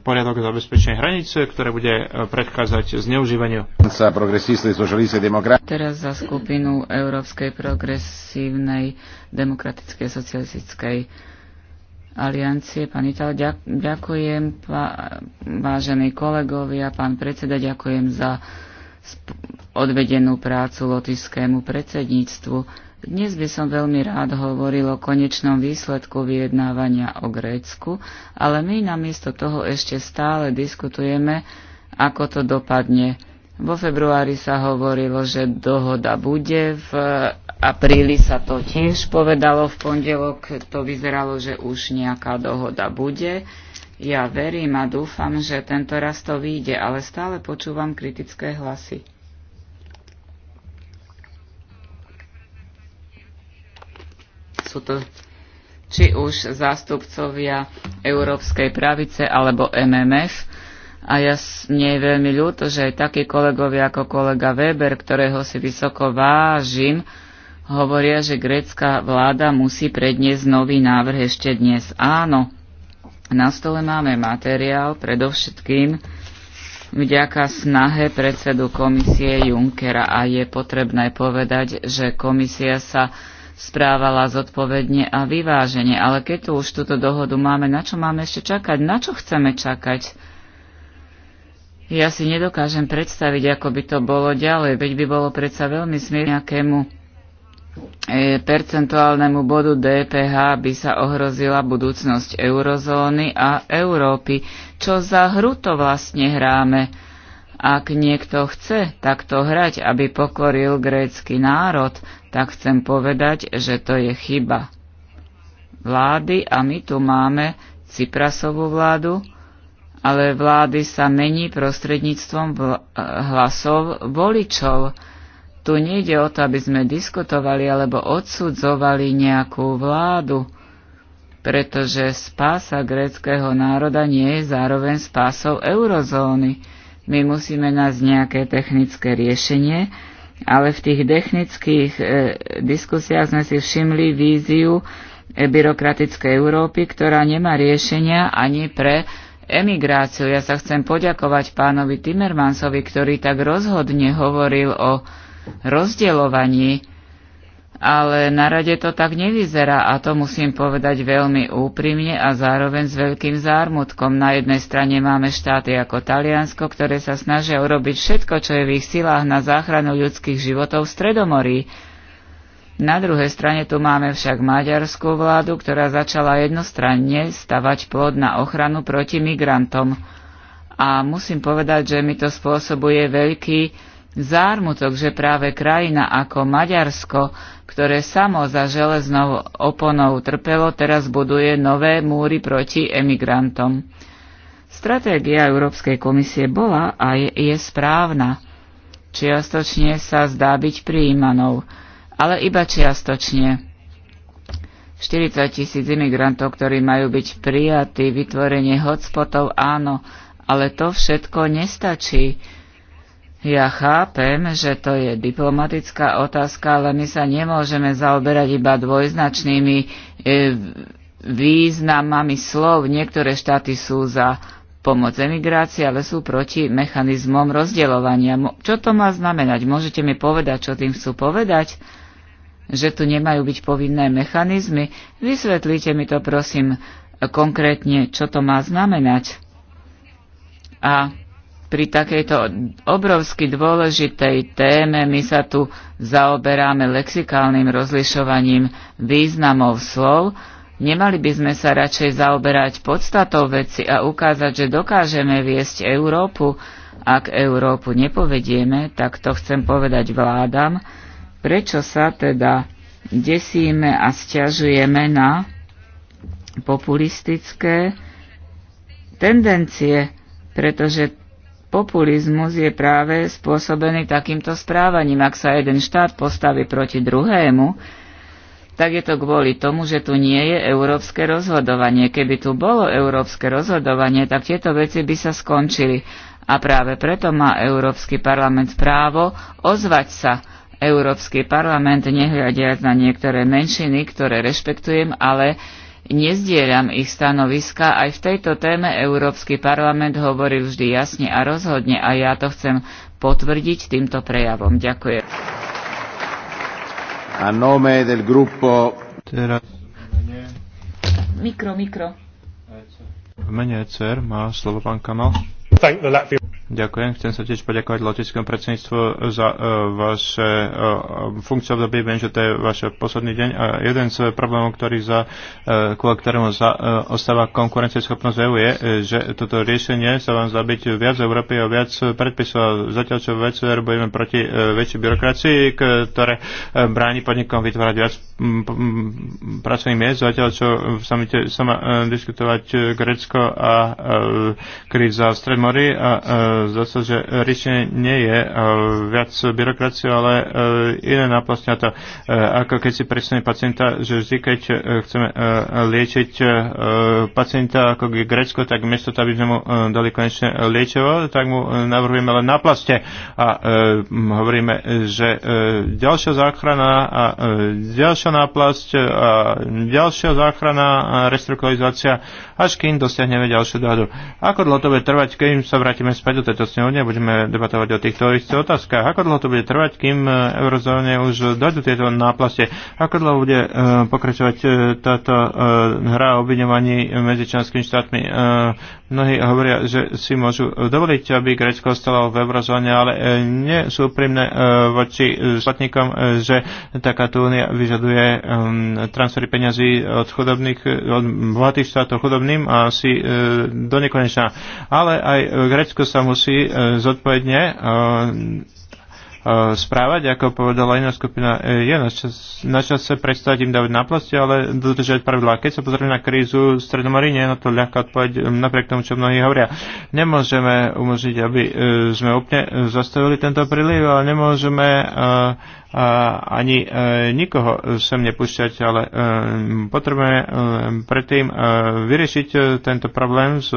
poriadok zabezpečenia hranice, ktoré bude predchádzať zneužívaniu. Teraz za skupinu Európskej progresívnej demokratickej socialistickej aliancie. Pán Ital, ďakujem, pá, vážení kolegovia, pán predseda, ďakujem za odvedenú prácu lotišskému predsedníctvu. Dnes by som veľmi rád hovoril o konečnom výsledku vyjednávania o Grécku, ale my namiesto toho ešte stále diskutujeme, ako to dopadne. Vo februári sa hovorilo, že dohoda bude v apríli sa to tiež povedalo v pondelok, to vyzeralo, že už nejaká dohoda bude. Ja verím a dúfam, že tento raz to vyjde, ale stále počúvam kritické hlasy. Sú to či už zástupcovia Európskej pravice alebo MMF, a ja nie je veľmi ľúto, že aj takí kolegovia ako kolega Weber, ktorého si vysoko vážim, hovoria, že grécka vláda musí predniesť nový návrh ešte dnes. Áno, na stole máme materiál, predovšetkým vďaka snahe predsedu komisie Junckera a je potrebné povedať, že komisia sa správala zodpovedne a vyvážene. Ale keď tu už túto dohodu máme, na čo máme ešte čakať? Na čo chceme čakať? Ja si nedokážem predstaviť, ako by to bolo ďalej, veď by bolo predsa veľmi smierne nejakému E, percentuálnemu bodu DPH by sa ohrozila budúcnosť eurozóny a Európy. Čo za hru to vlastne hráme? Ak niekto chce takto hrať, aby pokoril grécky národ, tak chcem povedať, že to je chyba. Vlády a my tu máme Ciprasovú vládu, ale vlády sa mení prostredníctvom hlasov voličov. Tu nejde o to, aby sme diskutovali alebo odsudzovali nejakú vládu, pretože spása gréckého národa nie je zároveň spásou eurozóny. My musíme nájsť nejaké technické riešenie, ale v tých technických e, diskusiách sme si všimli víziu e, byrokratickej Európy, ktorá nemá riešenia ani pre emigráciu. Ja sa chcem poďakovať pánovi Timmermansovi, ktorý tak rozhodne hovoril o rozdeľovaní, ale na rade to tak nevyzerá a to musím povedať veľmi úprimne a zároveň s veľkým zármutkom. Na jednej strane máme štáty ako Taliansko, ktoré sa snažia urobiť všetko, čo je v ich silách na záchranu ľudských životov v Stredomorí. Na druhej strane tu máme však maďarskú vládu, ktorá začala jednostranne stavať plod na ochranu proti migrantom. A musím povedať, že mi to spôsobuje veľký zármutok, že práve krajina ako Maďarsko, ktoré samo za železnou oponou trpelo, teraz buduje nové múry proti emigrantom. Stratégia Európskej komisie bola a je, je správna. Čiastočne sa zdá byť prijímanou, ale iba čiastočne. 40 tisíc imigrantov, ktorí majú byť prijatí, vytvorenie hotspotov, áno, ale to všetko nestačí ja chápem, že to je diplomatická otázka, ale my sa nemôžeme zaoberať iba dvojznačnými e, významami slov. Niektoré štáty sú za pomoc emigrácie, ale sú proti mechanizmom rozdeľovania. Čo to má znamenať? Môžete mi povedať, čo tým chcú povedať? Že tu nemajú byť povinné mechanizmy? Vysvetlite mi to, prosím, konkrétne, čo to má znamenať. A pri takejto obrovsky dôležitej téme my sa tu zaoberáme lexikálnym rozlišovaním významov slov, nemali by sme sa radšej zaoberať podstatou veci a ukázať, že dokážeme viesť Európu. Ak Európu nepovedieme, tak to chcem povedať vládam, prečo sa teda desíme a stiažujeme na populistické tendencie, pretože populizmus je práve spôsobený takýmto správaním. Ak sa jeden štát postaví proti druhému, tak je to kvôli tomu, že tu nie je európske rozhodovanie. Keby tu bolo európske rozhodovanie, tak tieto veci by sa skončili. A práve preto má Európsky parlament právo ozvať sa. Európsky parlament, nehľadiac na niektoré menšiny, ktoré rešpektujem, ale Nezdieľam ich stanoviska, aj v tejto téme Európsky parlament hovorí vždy jasne a rozhodne a ja to chcem potvrdiť týmto prejavom. Ďakujem. A nome del gruppo... Teraz... Mikro, mikro. V mene ECR má slovo pán Kamal. Ďakujem. Chcem sa tiež poďakovať Latvijskému predsedníctvu za uh, vaše uh, funkcie obdobie. Viem, že to je vaš posledný deň. A jeden z problémov, ktorý za, uh, kvôli ktorému za, uh, ostáva konkurencieschopnosť EU, je, že toto riešenie sa vám zdá byť viac Európy a viac predpisov. zatiaľ, čo v VCR proti uh, väčšej byrokracii, ktoré uh, bráni podnikom vytvárať viac pracovných miest, zatiaľ čo v samite sa má e, diskutovať e, Grécko a e, kríza v Stredmori a zase, že riešenie nie je viac byrokracie, ale iné náplastňa to, ako keď si presne pacienta, že vždy, keď chceme liečiť pacienta ako Grécko, tak miesto to, aby sme mu dali konečne liečivo, tak mu navrhujeme len náplaste a hovoríme, že ďalšia záchrana a ďalšia ďalšia náplasť, e, a ďalšia záchrana a až kým dosiahneme ďalšiu dohodu. Ako dlho to bude trvať, kým sa vrátime späť do tejto snehovne budeme debatovať o týchto istých otázkach? Ako dlho to bude trvať, kým e, eurozóne už dojdú tieto náplasti? Ako dlho bude e, pokračovať táto hra o obviňovaní medzi členskými štátmi? Mnohí hovoria, že si môžu eh, dovoliť, aby Grécko ostalo v eurozóne, ale eh, nie sú úprimné eh, voči splatníkom, že takáto únia vyžaduje ehm, transfery peňazí od chudobných, od bohatých štátov chudobným a asi do nekonečná. Ale aj Grécko sa musí zodpovedne E, správať. Ako povedala iná skupina, e, je na, čas, na čase prestať im dávať na ale dodržať pravidlá. Keď sa pozrieme na krízu v Stredomorí, nie je na to ľahká odpoveď, e, napriek tomu, čo mnohí hovoria. Nemôžeme umožniť, aby sme úplne zastavili tento príliv, ale nemôžeme ani nikoho sem nepúšťať, ale potrebujeme predtým vyriešiť tento problém s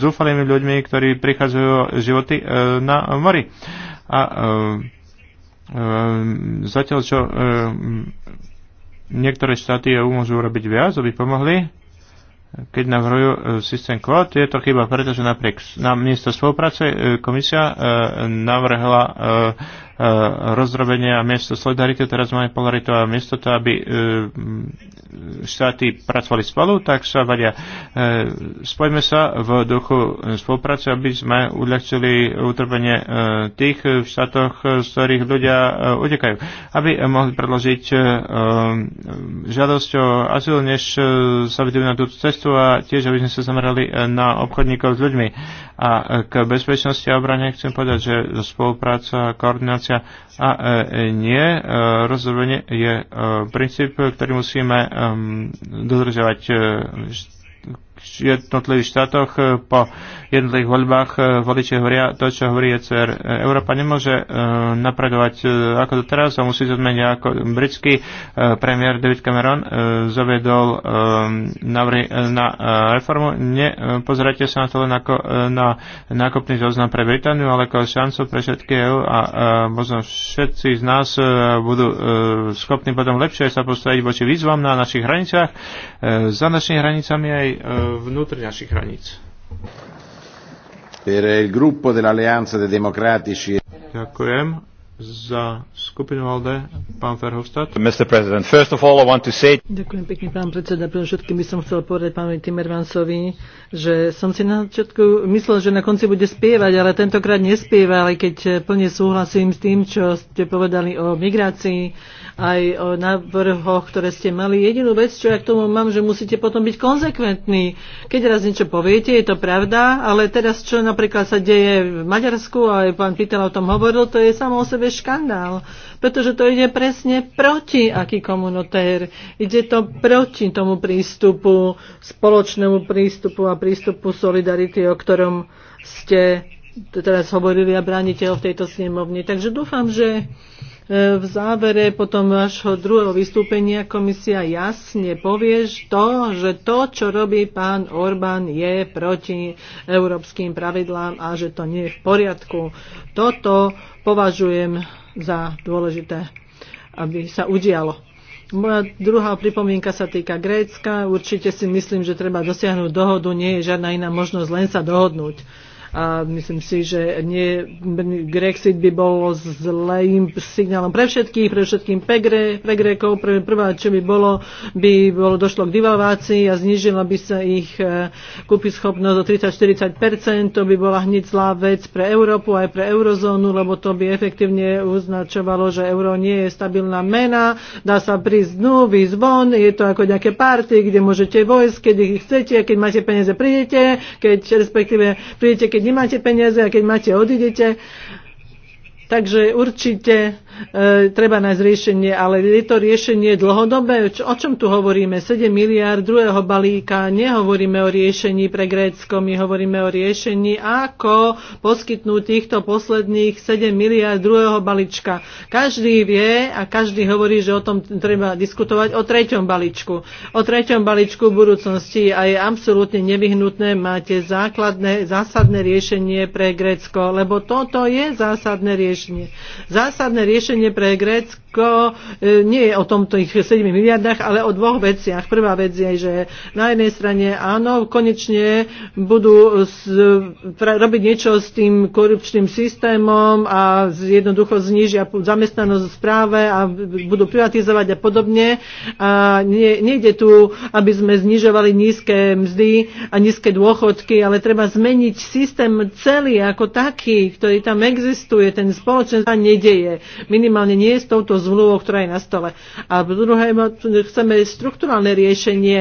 zúfalými ľuďmi, ktorí prichádzajú životy na mori. A e, e, zatiaľ, čo e, niektoré štáty EU môžu urobiť viac, aby pomohli, keď navrhujú systém kvót, je to chyba, pretože napriek nám miesto spolupráce komisia navrhla Eh, rozrobenia a miesto solidarity, teraz máme polaritu a miesto to, aby eh, štáty pracovali spolu, tak sa vadia. Eh, spojme sa v duchu spolupráce, aby sme uľahčili utrpenie tých v štátoch, z ktorých ľudia utekajú, aby mohli predložiť žiadosť o azyl, než sa vidíme na túto cestu a tiež, aby sme sa zamerali na obchodníkov s ľuďmi. A k bezpečnosti a obrane chcem povedať, že spolupráca a koordinácia situácia. A e, nie, e, rozhodne je e, princíp, ktorý musíme e, dodržiavať jednotlivých štátoch eh, po jednotlivých voľbách eh, voliči hovoria to, čo hovorí ECR. Eh, Európa nemôže napredovať ako teraz a musí zmeniť ako britský premiér David Cameron zaviedol návrhy na reformu. Nepozerajte sa na to len ako na nákupný zoznam pre Britániu, ale ako šancu pre všetky EU a možno všetci z nás budú schopní potom lepšie sa postaviť voči výzvam na našich hraniciach, za našimi hranicami aj vnútri našich hraníc. Per il gruppo dell'Alleanza dei Democratici. Ďakujem za skupinu ALDE, pán Verhofstadt. Mr. President, first of all I want to say... Ďakujem pekne, pán predseda. Pre všetkým by som chcel povedať pánovi Timmermansovi, že som si na začiatku myslel, že na konci bude spievať, ale tentokrát nespieva, ale keď plne súhlasím s tým, čo ste povedali o migrácii, aj o návrhoch, ktoré ste mali. Jedinú vec, čo ja k tomu mám, že musíte potom byť konzekventní. Keď raz niečo poviete, je to pravda, ale teraz, čo napríklad sa deje v Maďarsku, a aj pán Pitel o tom hovoril, to je samo o sebe škandál, pretože to ide presne proti aký komunotér. Ide to proti tomu prístupu, spoločnému prístupu a prístupu solidarity, o ktorom ste teraz hovorili a bránite ho v tejto snemovni. Takže dúfam, že E, v závere potom vášho druhého vystúpenia komisia jasne povie to, že to, čo robí pán Orbán, je proti európskym pravidlám a že to nie je v poriadku. Toto považujem za dôležité, aby sa udialo. Moja druhá pripomienka sa týka Grécka. Určite si myslím, že treba dosiahnuť dohodu. Nie je žiadna iná možnosť len sa dohodnúť a myslím si, že nie, Grexit by bol zlým signálom pre všetkých, pre všetkým pre, pre Grékov. Pre, prvá, čo by bolo, by bolo došlo k devalvácii a znižila by sa ich e, kúpyschopnosť o 30-40%. To by bola hneď zlá vec pre Európu aj pre eurozónu, lebo to by efektívne uznačovalo, že euro nie je stabilná mena, dá sa prísť dnu, výsť von, je to ako nejaké party, kde môžete vojsť, keď ich chcete, keď máte peniaze, prídete, keď respektíve prídete, keď keď nemáte peniaze a keď máte, odídete. Takže určite E, treba nájsť riešenie, ale je to riešenie dlhodobé? O čom tu hovoríme? 7 miliard druhého balíka, nehovoríme o riešení pre Grécko, my hovoríme o riešení, ako poskytnúť týchto posledných 7 miliard druhého balíčka. Každý vie a každý hovorí, že o tom treba diskutovať o treťom balíčku. O treťom balíčku v budúcnosti a je absolútne nevyhnutné mať základné, zásadné riešenie pre Grécko, lebo toto je zásadné riešenie. Zásadné riešenie riešenie pre Grécko e, nie je o tomto ich 7 miliardách, ale o dvoch veciach. Prvá vec je, že na jednej strane áno, konečne budú robiť niečo s tým korupčným systémom a jednoducho znižia zamestnanosť v správe a budú privatizovať a podobne. A nie, nejde tu, aby sme znižovali nízke mzdy a nízke dôchodky, ale treba zmeniť systém celý ako taký, ktorý tam existuje, ten spoločenstvo nedeje. My minimálne nie s touto zmluvou, ktorá je na stole. A druhé, chceme strukturálne riešenie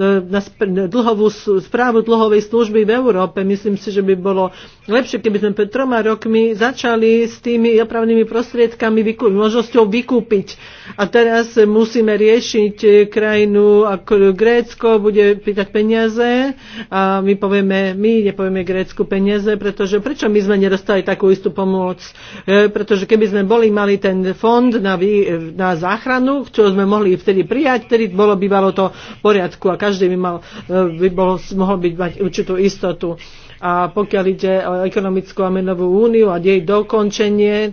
e, na dlhovú, správu dlhovej služby v Európe. Myslím si, že by bolo lepšie, keby sme pred troma rokmi začali s tými opravnými prostriedkami, vykú, možnosťou vykúpiť. A teraz musíme riešiť e, krajinu ako Grécko, bude pýtať peniaze a my povieme, my nepovieme Grécku peniaze, pretože prečo my sme nedostali takú istú pomoc? E, pretože keby sme boli mali mali ten fond na, vý, na záchranu, čo sme mohli vtedy prijať, vtedy bolo bývalo to v poriadku a každý by, mal, e, by bol, mohol byť, mať určitú istotu a pokiaľ ide o ekonomickú a menovú úniu a jej dokončenie, e,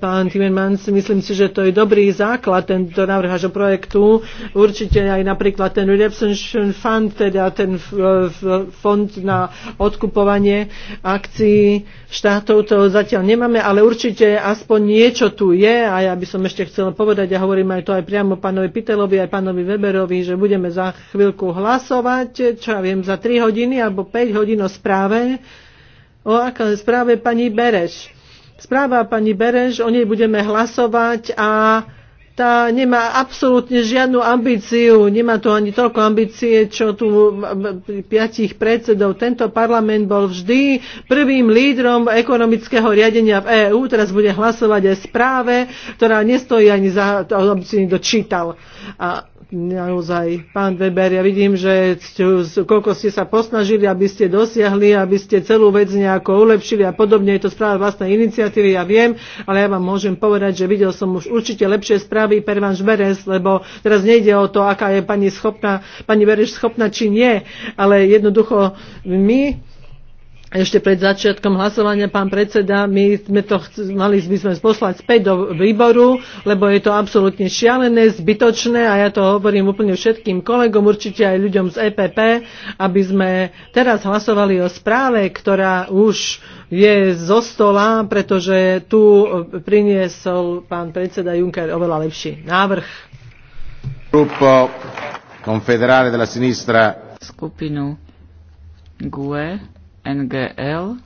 pán Timmermans, myslím si, že to je dobrý základ tento návrh projektu. Určite aj napríklad ten Redemption Fund, teda ten e, fond na odkupovanie akcií štátov, to zatiaľ nemáme, ale určite aspoň niečo tu je a ja by som ešte chcela povedať a hovorím aj to aj priamo pánovi Pitelovi, aj pánovi Weberovi, že budeme za chvíľku hlasovať, čo ja viem, za 3 hodiny alebo 5 hodín o správe správe, o aké správe pani Bereš. Správa pani Bereš, o nej budeme hlasovať a tá nemá absolútne žiadnu ambíciu, nemá tu ani toľko ambície, čo tu piatich predsedov. Tento parlament bol vždy prvým lídrom ekonomického riadenia v EÚ, teraz bude hlasovať aj správe, ktorá nestojí ani za to, aby si dočítal. čítal. A naozaj, pán Weber, ja vidím, že koľko ste sa posnažili, aby ste dosiahli, aby ste celú vec nejako ulepšili a podobne. Je to správa vlastnej iniciatívy, ja viem, ale ja vám môžem povedať, že videl som už určite lepšie správy per vanš Beres, lebo teraz nejde o to, aká je pani schopná, pani Bereš schopná či nie, ale jednoducho my ešte pred začiatkom hlasovania, pán predseda, my sme to mali by sme poslať späť do výboru, lebo je to absolútne šialené, zbytočné a ja to hovorím úplne všetkým kolegom, určite aj ľuďom z EPP, aby sme teraz hlasovali o správe, ktorá už je zo stola, pretože tu priniesol pán predseda Juncker oveľa lepší návrh. Confederale della Sinistra skupinu GUE NGL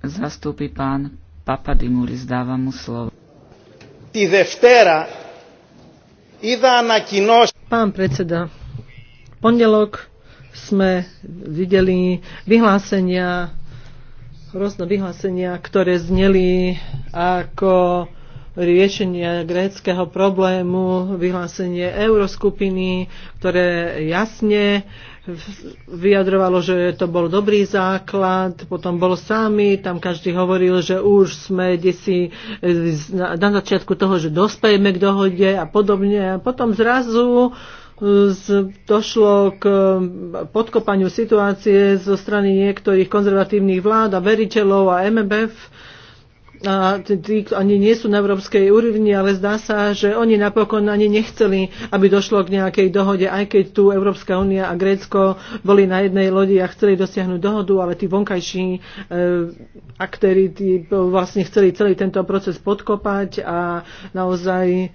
zastúpi pán Papadimuris, dávam mu slovo. Pán predseda, pondelok sme videli vyhlásenia, rôzne vyhlásenia, ktoré zneli ako riešenie gréckého problému, vyhlásenie euroskupiny, ktoré jasne vyjadrovalo, že to bol dobrý základ, potom bol sami, tam každý hovoril, že už sme desi eh, na začiatku toho, že dospejeme k dohode a podobne. A potom zrazu eh, došlo k eh, podkopaniu situácie zo strany niektorých konzervatívnych vlád a veriteľov a MMF a tí, ani nie sú na európskej úrovni, ale zdá sa, že oni napokon ani nechceli, aby došlo k nejakej dohode, aj keď tu Európska únia a Grécko boli na jednej lodi a chceli dosiahnuť dohodu, ale tí vonkajší e, aktéry tí vlastne chceli celý tento proces podkopať a naozaj e,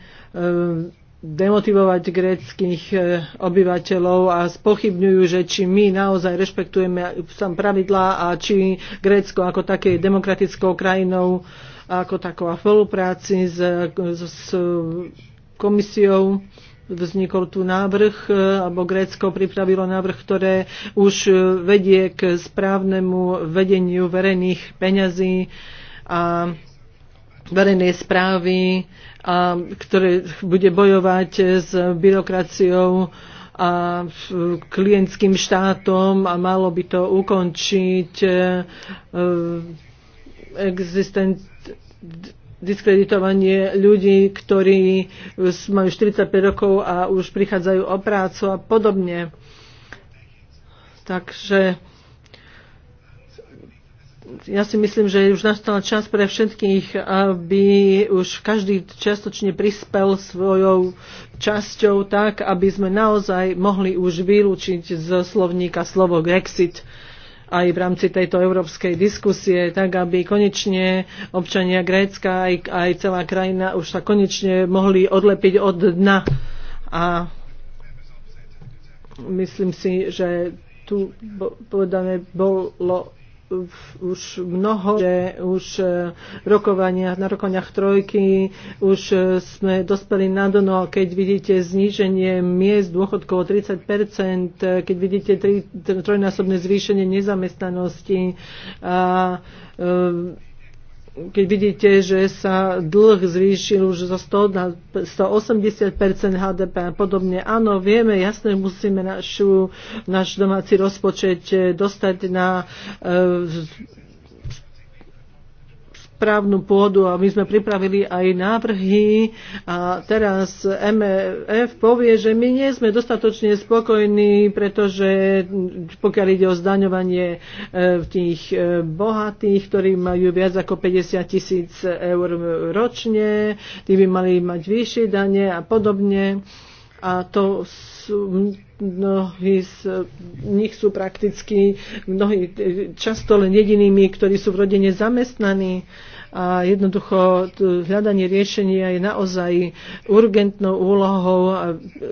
demotivovať gréckých e, obyvateľov a spochybňujú, že či my naozaj rešpektujeme sam pravidlá a či Grécko ako také demokratickou krajinou ako taková spolupráci s, s, s komisiou vznikol tu návrh, e, alebo Grécko pripravilo návrh, ktoré už e, vedie k správnemu vedeniu verejných peňazí a verejnej správy a ktoré bude bojovať s byrokraciou a klientským štátom a malo by to ukončiť e, existent, diskreditovanie ľudí, ktorí majú 45 rokov a už prichádzajú o prácu a podobne. Takže ja si myslím, že už nastal čas pre všetkých, aby už každý čiastočne prispel svojou časťou tak, aby sme naozaj mohli už vylúčiť z slovníka slovo Grexit aj v rámci tejto európskej diskusie, tak aby konečne občania Grécka aj, aj celá krajina už sa konečne mohli odlepiť od dna. A myslím si, že tu povedané bolo už mnoho, že už e, rokovania, na rokovaniach trojky už e, sme dospeli na dono, keď vidíte zníženie miest dôchodkov o 30%, e, keď vidíte tri, trojnásobné zvýšenie nezamestnanosti a keď vidíte, že sa dlh zvýšil už zo 100 na 180 HDP a podobne. Áno, vieme, jasne musíme našu, náš domáci rozpočet eh, dostať na eh, právnu pôdu a my sme pripravili aj návrhy a teraz MF e povie, že my nie sme dostatočne spokojní, pretože pokiaľ ide o zdaňovanie e, tých e, bohatých, ktorí majú viac ako 50 tisíc eur ročne, tí by mali mať vyššie dane a podobne. A to sú, mnohí z nich sú prakticky mnohí, často len jedinými, ktorí sú v rodine zamestnaní a jednoducho hľadanie riešenia je naozaj urgentnou úlohou.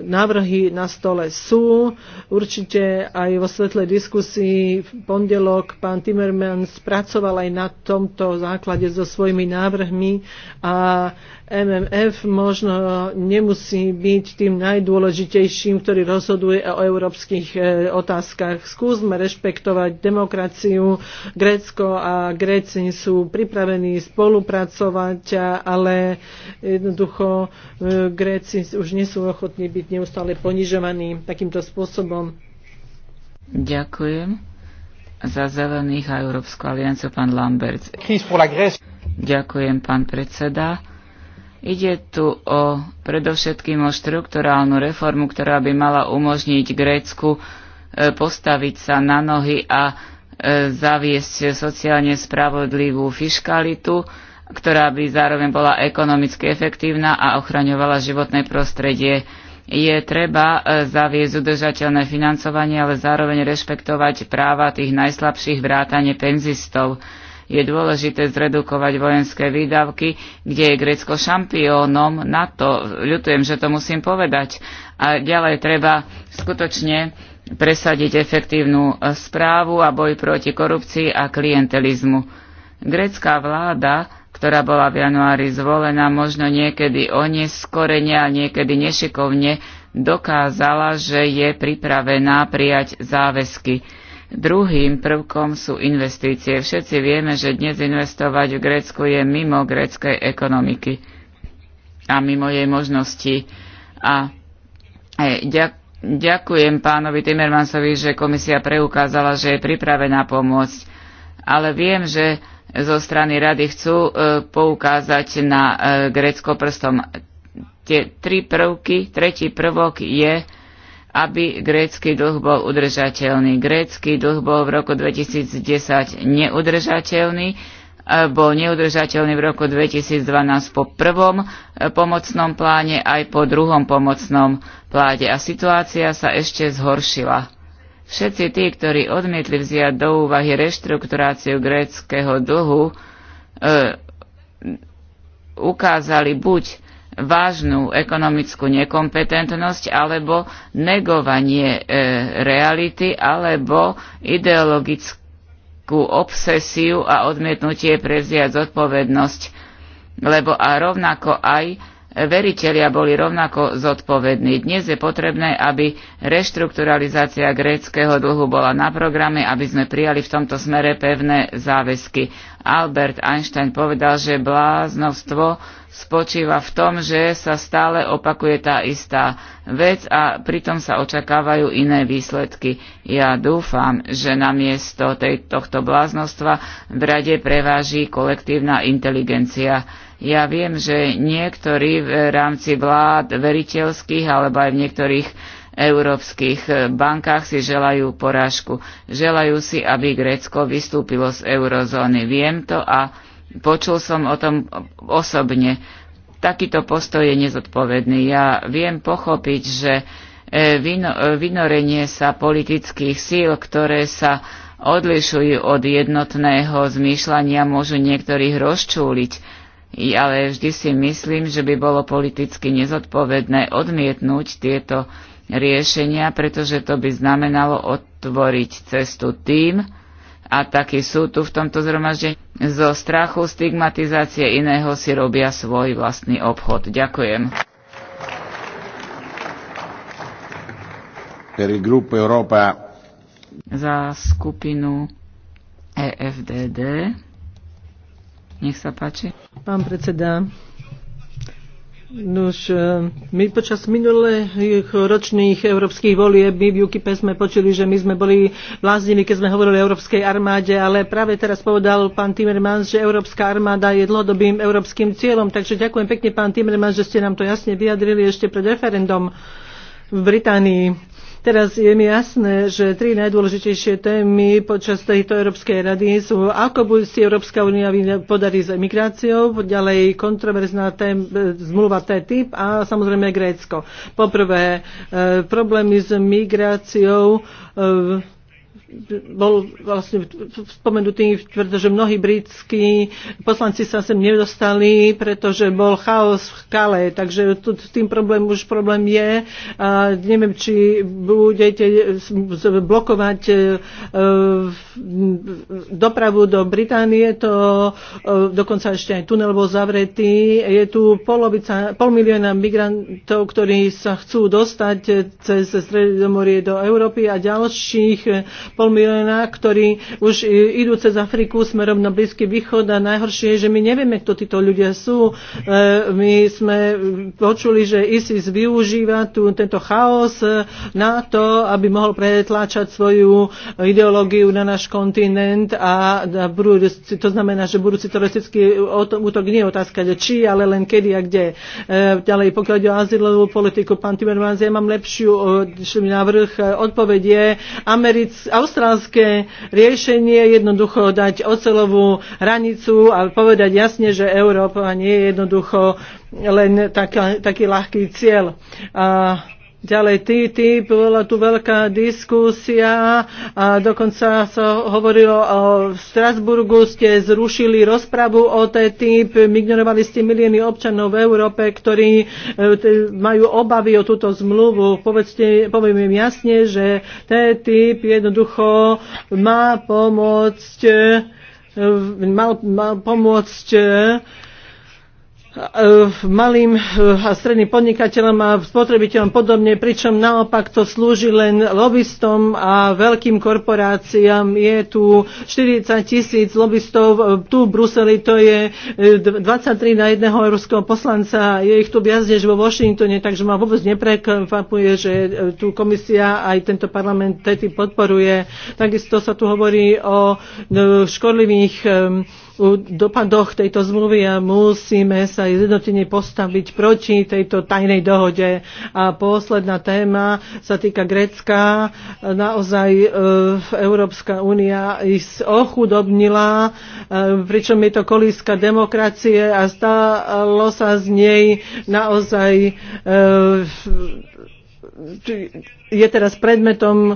Návrhy na stole sú. Určite aj vo svetlej diskusii v pondelok pán Timmerman spracoval aj na tomto základe so svojimi návrhmi a MMF možno nemusí byť tým najdôležitejším, ktorý rozhoduje o európskych e, otázkach. Skúsme rešpektovať demokraciu. Grécko a Gréci sú pripravení spolupracovať, ale jednoducho e, Gréci už nie sú ochotní byť neustále ponižovaní takýmto spôsobom. Ďakujem. Za zelených a Európsku aliancu pán Lambert. Ďakujem, pán predseda. Ide tu o predovšetkým o štrukturálnu reformu, ktorá by mala umožniť Grécku e, postaviť sa na nohy a E, zaviesť sociálne spravodlivú fiškalitu, ktorá by zároveň bola ekonomicky efektívna a ochraňovala životné prostredie. Je treba e, zaviesť udržateľné financovanie, ale zároveň rešpektovať práva tých najslabších vrátane penzistov. Je dôležité zredukovať vojenské výdavky, kde je Grécko šampiónom na to. Ľutujem, že to musím povedať. A ďalej treba skutočne presadiť efektívnu e, správu a boj proti korupcii a klientelizmu. Grécká vláda, ktorá bola v januári zvolená, možno niekedy oneskorene a niekedy nešikovne dokázala, že je pripravená prijať záväzky. Druhým prvkom sú investície. Všetci vieme, že dnes investovať v Grécku je mimo gréckej ekonomiky a mimo jej možnosti. A e, ďak, Ďakujem pánovi Timmermansovi, že komisia preukázala, že je pripravená pomôcť. Ale viem, že zo strany rady chcú e, poukázať na e, Grécko prstom. Tie tri prvky, tretí prvok je, aby grécky dlh bol udržateľný. Grécky dlh bol v roku 2010 neudržateľný E, bol neudržateľný v roku 2012 po prvom e, pomocnom pláne aj po druhom pomocnom pláne a situácia sa ešte zhoršila. Všetci tí, ktorí odmietli vziať do úvahy reštrukturáciu gréckého dlhu, e, ukázali buď vážnu ekonomickú nekompetentnosť alebo negovanie e, reality alebo ideologickú ku obsesiu a odmietnutie prevziať zodpovednosť. Lebo a rovnako aj veriteľia boli rovnako zodpovední. Dnes je potrebné, aby reštrukturalizácia gréckého dlhu bola na programe, aby sme prijali v tomto smere pevné záväzky. Albert Einstein povedal, že bláznovstvo spočíva v tom, že sa stále opakuje tá istá vec a pritom sa očakávajú iné výsledky. Ja dúfam, že namiesto tej, tohto bláznostva v rade preváži kolektívna inteligencia ja viem, že niektorí v rámci vlád veriteľských alebo aj v niektorých európskych e, bankách si želajú porážku. Želajú si, aby Grécko vystúpilo z eurozóny. Viem to a počul som o tom osobne. Takýto postoj je nezodpovedný. Ja viem pochopiť, že e, e, vynorenie sa politických síl, ktoré sa odlišujú od jednotného zmýšľania, môžu niektorých rozčúliť ale vždy si myslím, že by bolo politicky nezodpovedné odmietnúť tieto riešenia, pretože to by znamenalo otvoriť cestu tým, a takí sú tu v tomto zhromaždení, zo strachu stigmatizácie iného si robia svoj vlastný obchod. Ďakujem. Za skupinu EFDD. Nech sa páči. Pán predseda, Nož, e, my počas minulých ročných európskych volieb my v UKIP sme počuli, že my sme boli bláznili, keď sme hovorili o európskej armáde, ale práve teraz povedal pán Timmermans, že európska armáda je dlhodobým európskym cieľom. Takže ďakujem pekne, pán Timmermans, že ste nám to jasne vyjadrili ešte pred referendum v Británii Teraz je mi jasné, že tri najdôležitejšie témy počas tejto Európskej rady sú, ako si Európska únia podarí s emigráciou, ďalej kontroverzná tém, zmluva TTIP a samozrejme Grécko. Poprvé, e, problémy s migráciou e, bol vlastne spomenutý, pretože mnohí britskí poslanci sa sem nedostali, pretože bol chaos v Kale, takže tu, s tým problém už problém je. A neviem, či budete blokovať e, dopravu do Británie, to e, dokonca ešte aj tunel bol zavretý. Je tu polovica, pol milióna migrantov, ktorí sa chcú dostať e, cez Stredomorie do Európy a ďalších pol pol milióna, ktorí už idú cez Afriku smerom na Blízky východ a najhoršie je, že my nevieme, kto títo ľudia sú. E, my sme počuli, že ISIS využíva tu, tento chaos na to, aby mohol pretláčať svoju ideológiu na náš kontinent a, a budú, to znamená, že budúci teroristický útok nie je otázka, že či, ale len kedy a kde. E, ďalej, pokiaľ ide o azylovú politiku, pán Timmermans, ja mám lepšiu návrh. E, Odpoveď je, Americ, austrálske riešenie jednoducho dať ocelovú hranicu a povedať jasne, že Európa nie je jednoducho len taká, taký ľahký cieľ. A Ďalej TTIP, bola tu veľká diskusia a dokonca sa hovorilo o Strasburgu, ste zrušili rozpravu o TTIP, ignorovali ste milióny občanov v Európe, ktorí e, majú obavy o túto zmluvu. Povedzte, poviem im jasne, že TTIP jednoducho má pomôcť e, mal, mal pomôcť e, malým eh, a stredným podnikateľom a spotrebiteľom podobne, pričom naopak to slúži len lobbystom a veľkým korporáciám. Je tu 40 tisíc lobbystov, eh, tu v Bruseli to je 23 eh, na jedného európskeho poslanca, je ich tu viac než vo Washingtone, takže ma vôbec neprekvapuje, že tu komisia aj tento parlament TTIP podporuje. Takisto sa tu hovorí o škodlivých dopadoch tejto zmluvy a musíme sa jednotne postaviť proti tejto tajnej dohode. A posledná téma sa týka Grécka. Naozaj e, Európska únia ochudobnila, e, pričom je to kolíska demokracie a stalo sa z nej naozaj e, je teraz predmetom e,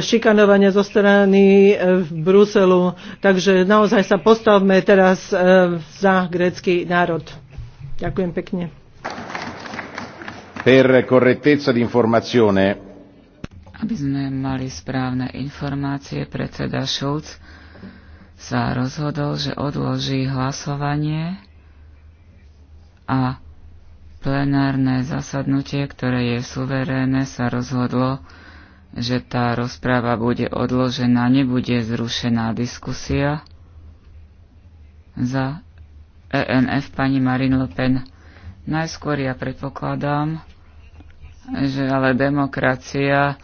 šikanovania zo strany e, v Bruselu. Takže naozaj sa postavme teraz e, za grécky národ. Ďakujem pekne. Per correttezza di informazione. Aby sme mali správne informácie, predseda Schulz sa rozhodol, že odloží hlasovanie a plenárne zasadnutie, ktoré je suverénne, sa rozhodlo, že tá rozpráva bude odložená, nebude zrušená diskusia. Za ENF pani Marine Le Pen. Najskôr ja predpokladám, že ale demokracia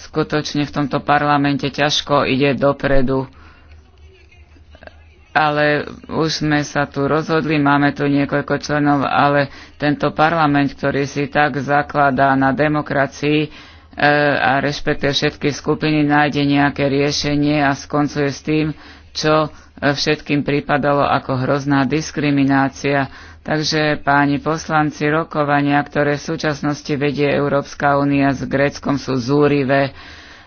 skutočne v tomto parlamente ťažko ide dopredu ale už sme sa tu rozhodli, máme tu niekoľko členov, ale tento parlament, ktorý si tak zakladá na demokracii e, a rešpektuje všetky skupiny, nájde nejaké riešenie a skoncuje s tým, čo e, všetkým pripadalo ako hrozná diskriminácia. Takže páni poslanci, rokovania, ktoré v súčasnosti vedie Európska únia s Gréckom, sú zúrivé.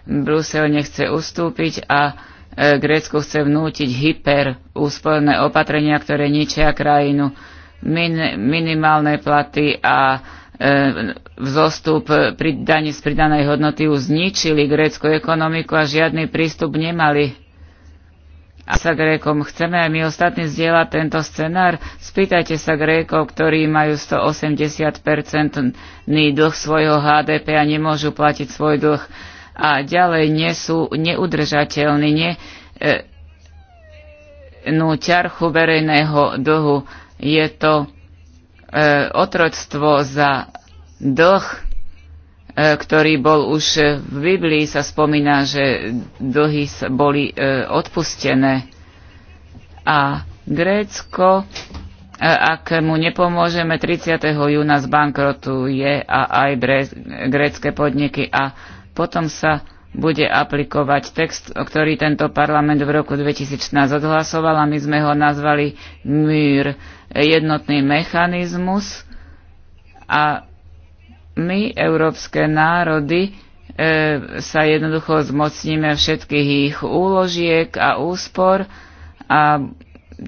Brusel nechce ustúpiť a E, grécku chce vnútiť hyperúsporné opatrenia, ktoré ničia krajinu, min, minimálne platy a e, vzostup pri daní z pridanej hodnoty už zničili grécku ekonomiku a žiadny prístup nemali. A sa Grékom chceme aj my ostatní zdieľať tento scenár? Spýtajte sa Grékov, ktorí majú 180-percentný dlh svojho HDP a nemôžu platiť svoj dlh a ďalej nie sú neudržateľní, nie no, ťarchu verejného dlhu. Je to e, otroctvo za dlh, e, ktorý bol už v Biblii, sa spomína, že dlhy boli e, odpustené. A Grécko, e, ak mu nepomôžeme, 30. júna zbankrotuje a aj bre, grécké podniky a potom sa bude aplikovať text, ktorý tento parlament v roku 2014 odhlasoval a my sme ho nazvali MIR, jednotný mechanizmus a my, európske národy, e, sa jednoducho zmocníme všetkých ich úložiek a úspor a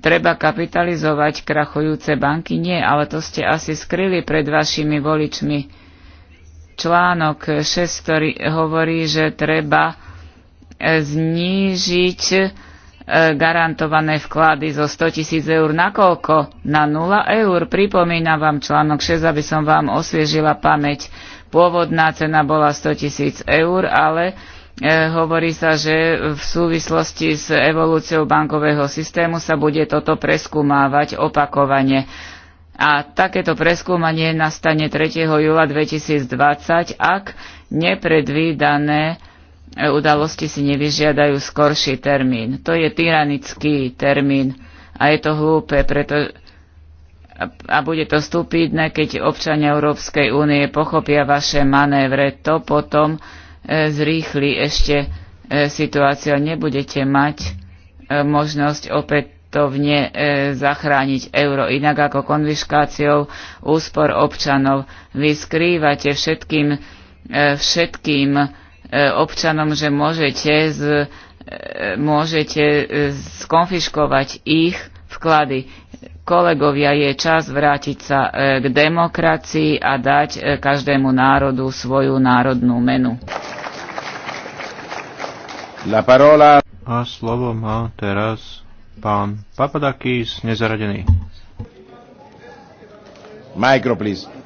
treba kapitalizovať krachujúce banky. Nie, ale to ste asi skryli pred vašimi voličmi článok 6, ktorý hovorí, že treba e, znížiť e, garantované vklady zo 100 tisíc eur na koľko? Na 0 eur. Pripomínam vám článok 6, aby som vám osviežila pamäť. Pôvodná cena bola 100 tisíc eur, ale e, hovorí sa, že v súvislosti s evolúciou bankového systému sa bude toto preskúmávať opakovane. A takéto preskúmanie nastane 3. júla 2020, ak nepredvídané e, udalosti si nevyžiadajú skorší termín. To je tyranický termín a je to hlúpe, preto a bude to stupidné, keď občania Európskej únie pochopia vaše manévre. To potom e, zrýchli ešte e, situáciu a nebudete mať možnosť opäť opätovne e, zachrániť euro, inak ako konviškáciou úspor občanov. Vy skrývate všetkým, e, všetkým e, občanom, že môžete, z, e, môžete e, skonfiškovať ich vklady. Kolegovia, je čas vrátiť sa e, k demokracii a dať e, každému národu svoju národnú menu. La parola... A slovo má teraz Pán Papadakis, nezaradený. Micro, please.